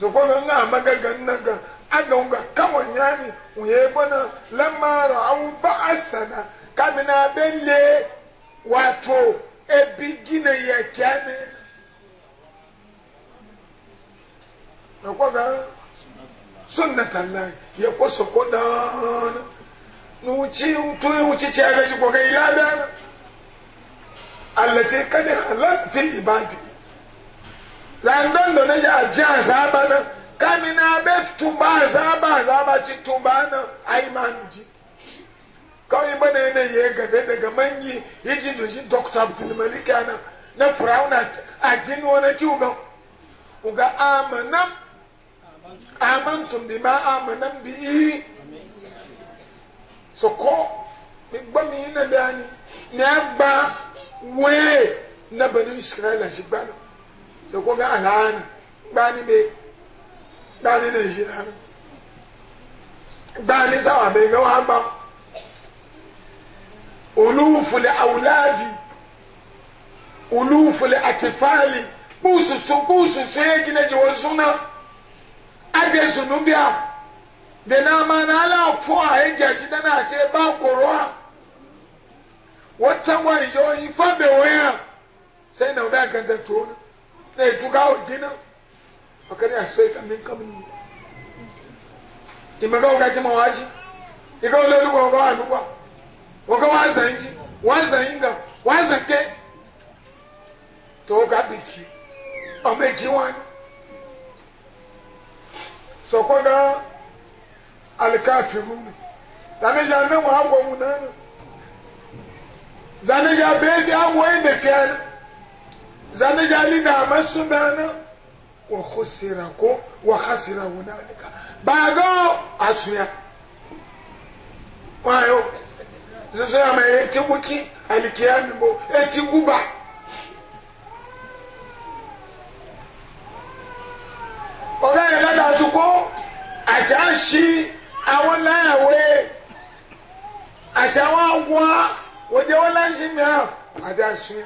zokɔ na nga ama ga gane ga aga nga ka wɔ nyaani wɔ yɛ bɔ na lamaara awo ba asa na kabina abɛ le wato ebi gina yɛ kia ne. na kwaga sunnatan nan ya kwasa kodan nuci tuyi wuci ci aka shi kwaga ilada allace kadi halatta ibadi landon da na ji a ji a saba nan kami na be tuba a saba a saba ci tuba nan a yi manji kawai bane yana ya gabe daga manyi yi ji da shi dr abdulmalik na firawuna a gini wani kiwu ga uga amanan amantum bima amanam bihi so ko mi gbọ́ mi yín nàbẹ́ ani ní agba wéé nàbẹ́ ní israẹla ṣì gbà lọ so ko gá àlàáni gbani bẹ gbani nàìjíríà gbani sáwà bẹ gẹ́wọ́ àgbà olúfulẹ̀ awùláàdì olúfulẹ̀ àtìfáàlì kó susu kó susu yẹ jìnnà jìwọ̀ sún náà aje zunu bia de na ma na ala afọ a eja shi dana ashe ba koro a wata wa njo yi fa be wo ya sai na obi ganta to na etu ka o dina o kare aso ka min kam ni imaga o ka ti ma wa ji iga o lelu ko ga anu kwa o ka wa san ji wa san inga wa san ke to ka biki o meji wani sọ̀kọ́ gan alikafiru ni zanija ne wọn awọ wọn náà zanija bẹ́ẹ̀ di awọ yìí nìkẹ́ ni zanija lina ama sundana wọ́n kó sira kó wọ́n ká sira wọn náà asuya wọ́n ayọ́ soso yà máa yẹ e eti ọ̀gá yẹn lọ́dà àtúkọ́ àjà ń ṣí àwọn láyàwé àjà wọn wá òde wọn láǹṣí mìíràn àjà ṣí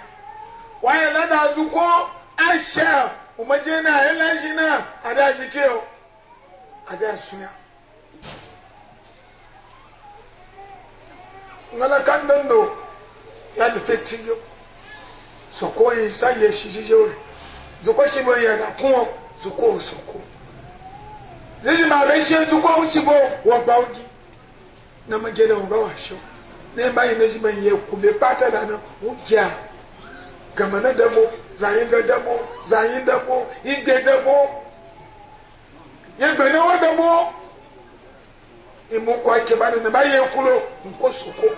wọn yẹn lọ́dà àtúkọ́ àṣà òmọdé náà yẹn láǹṣí náà àjà ṣí o àjà ṣí ya. ngala kan dondo ya dufe tiyo sokoyi sayi ya shi shi shi wuri zuko shi bai ya zuko soko zizi ma be se zuko ŋutsi bo na me dze washo. wɔ be wòa ma yi ne dzi me yɛ kube pata la na wò dzia gama ne de bo zanyi ge de bo zanyi de bo igbe de bo yegbe ne imu kwa ake na ne ne kulo nko soko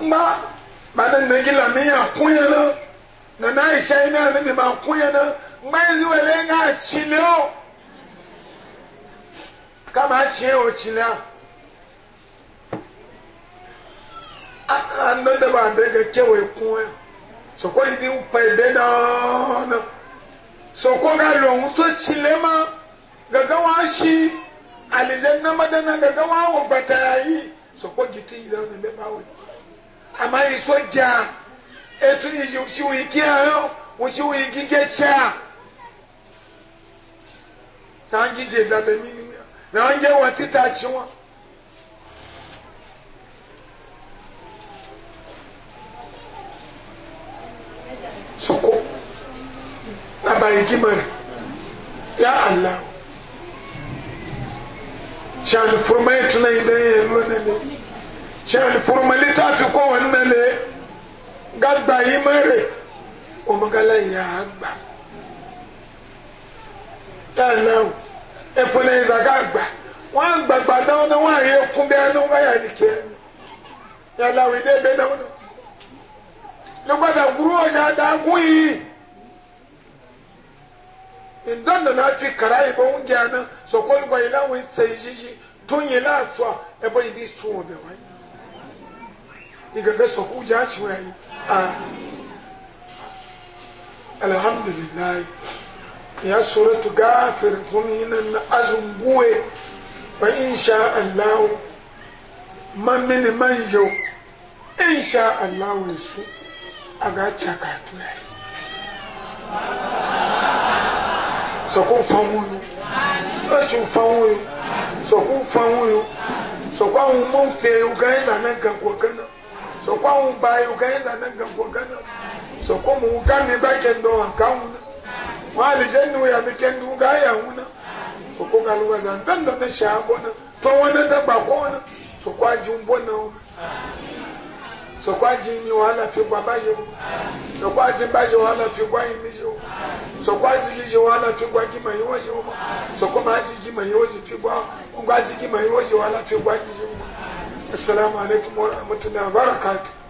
Mba ba ne ne gi la mi yà kún na na ahyia yi na ne bi ma ko yɛ na mmanzi wɔ lɛ nga akyile o kama akyile o kyile a ano de ba de ke ke wɔ eku yɛ soko yi di pa ebe dɔɔna soko ga lɔ ohun tó kyile ma gaga wɔn ahyi alijɛ namada na gaga wɔn awɔ bataa yi soko giti yi dɔɔna ebe ba wɔ yi ama yi so gyaa etu shi wi ki ayo wo shi wi ki ke cha na ngi je da be mi ni na ngi wa ti ta chi wa soko na ba yi kimar ya Allah shan furma ya tunayi don yi lo ne ne shan furma littafi kowanne ne gagba yi mere omagala ya agba tana efuna iza gagba wọn gbagba wọn àyè kún bí ẹnu báyà nìkẹ yàláwì dé bẹ dáwọn náà lọgbàdà gúrú ọjà dàgún yìí na náà fi kàrá ìbọn oúnjẹ àná sọkọlùgbà yìí láwọn ìṣe ìṣiṣi tó yin láàtọ ẹbọ ibi tún a alhamdulillahi ya suratu gafir kun yinan na azunguwe fa insha Allah man mini man yau insha Allah wai su a ga cakatu ya yi sokun fanwuyu rashin fanwuyu sokun fanwuyu sokun mun fiye yi ga yana nan gagwagana so kwa mu ba yi uga yanda nan ga ko gana so ko mu ga ne ba ken do an kan mu wa li jannu ya mi ken du ga ya mu so ko ga luwa zan dan da sha ko na to wannan da ba ko na so kwa jumbo na so kwa ji mi wahala fi kwa ba yo so kwa ji ba yo wahala fi kwa mi yo so kwa ji ji wahala fi kwa ki ma yo yo so ko ma ji ki ma yo ji fi kwa ko ji ki ma yo ji wahala fi kwa ki yo assalamu alaikum wa rahmatullahi wa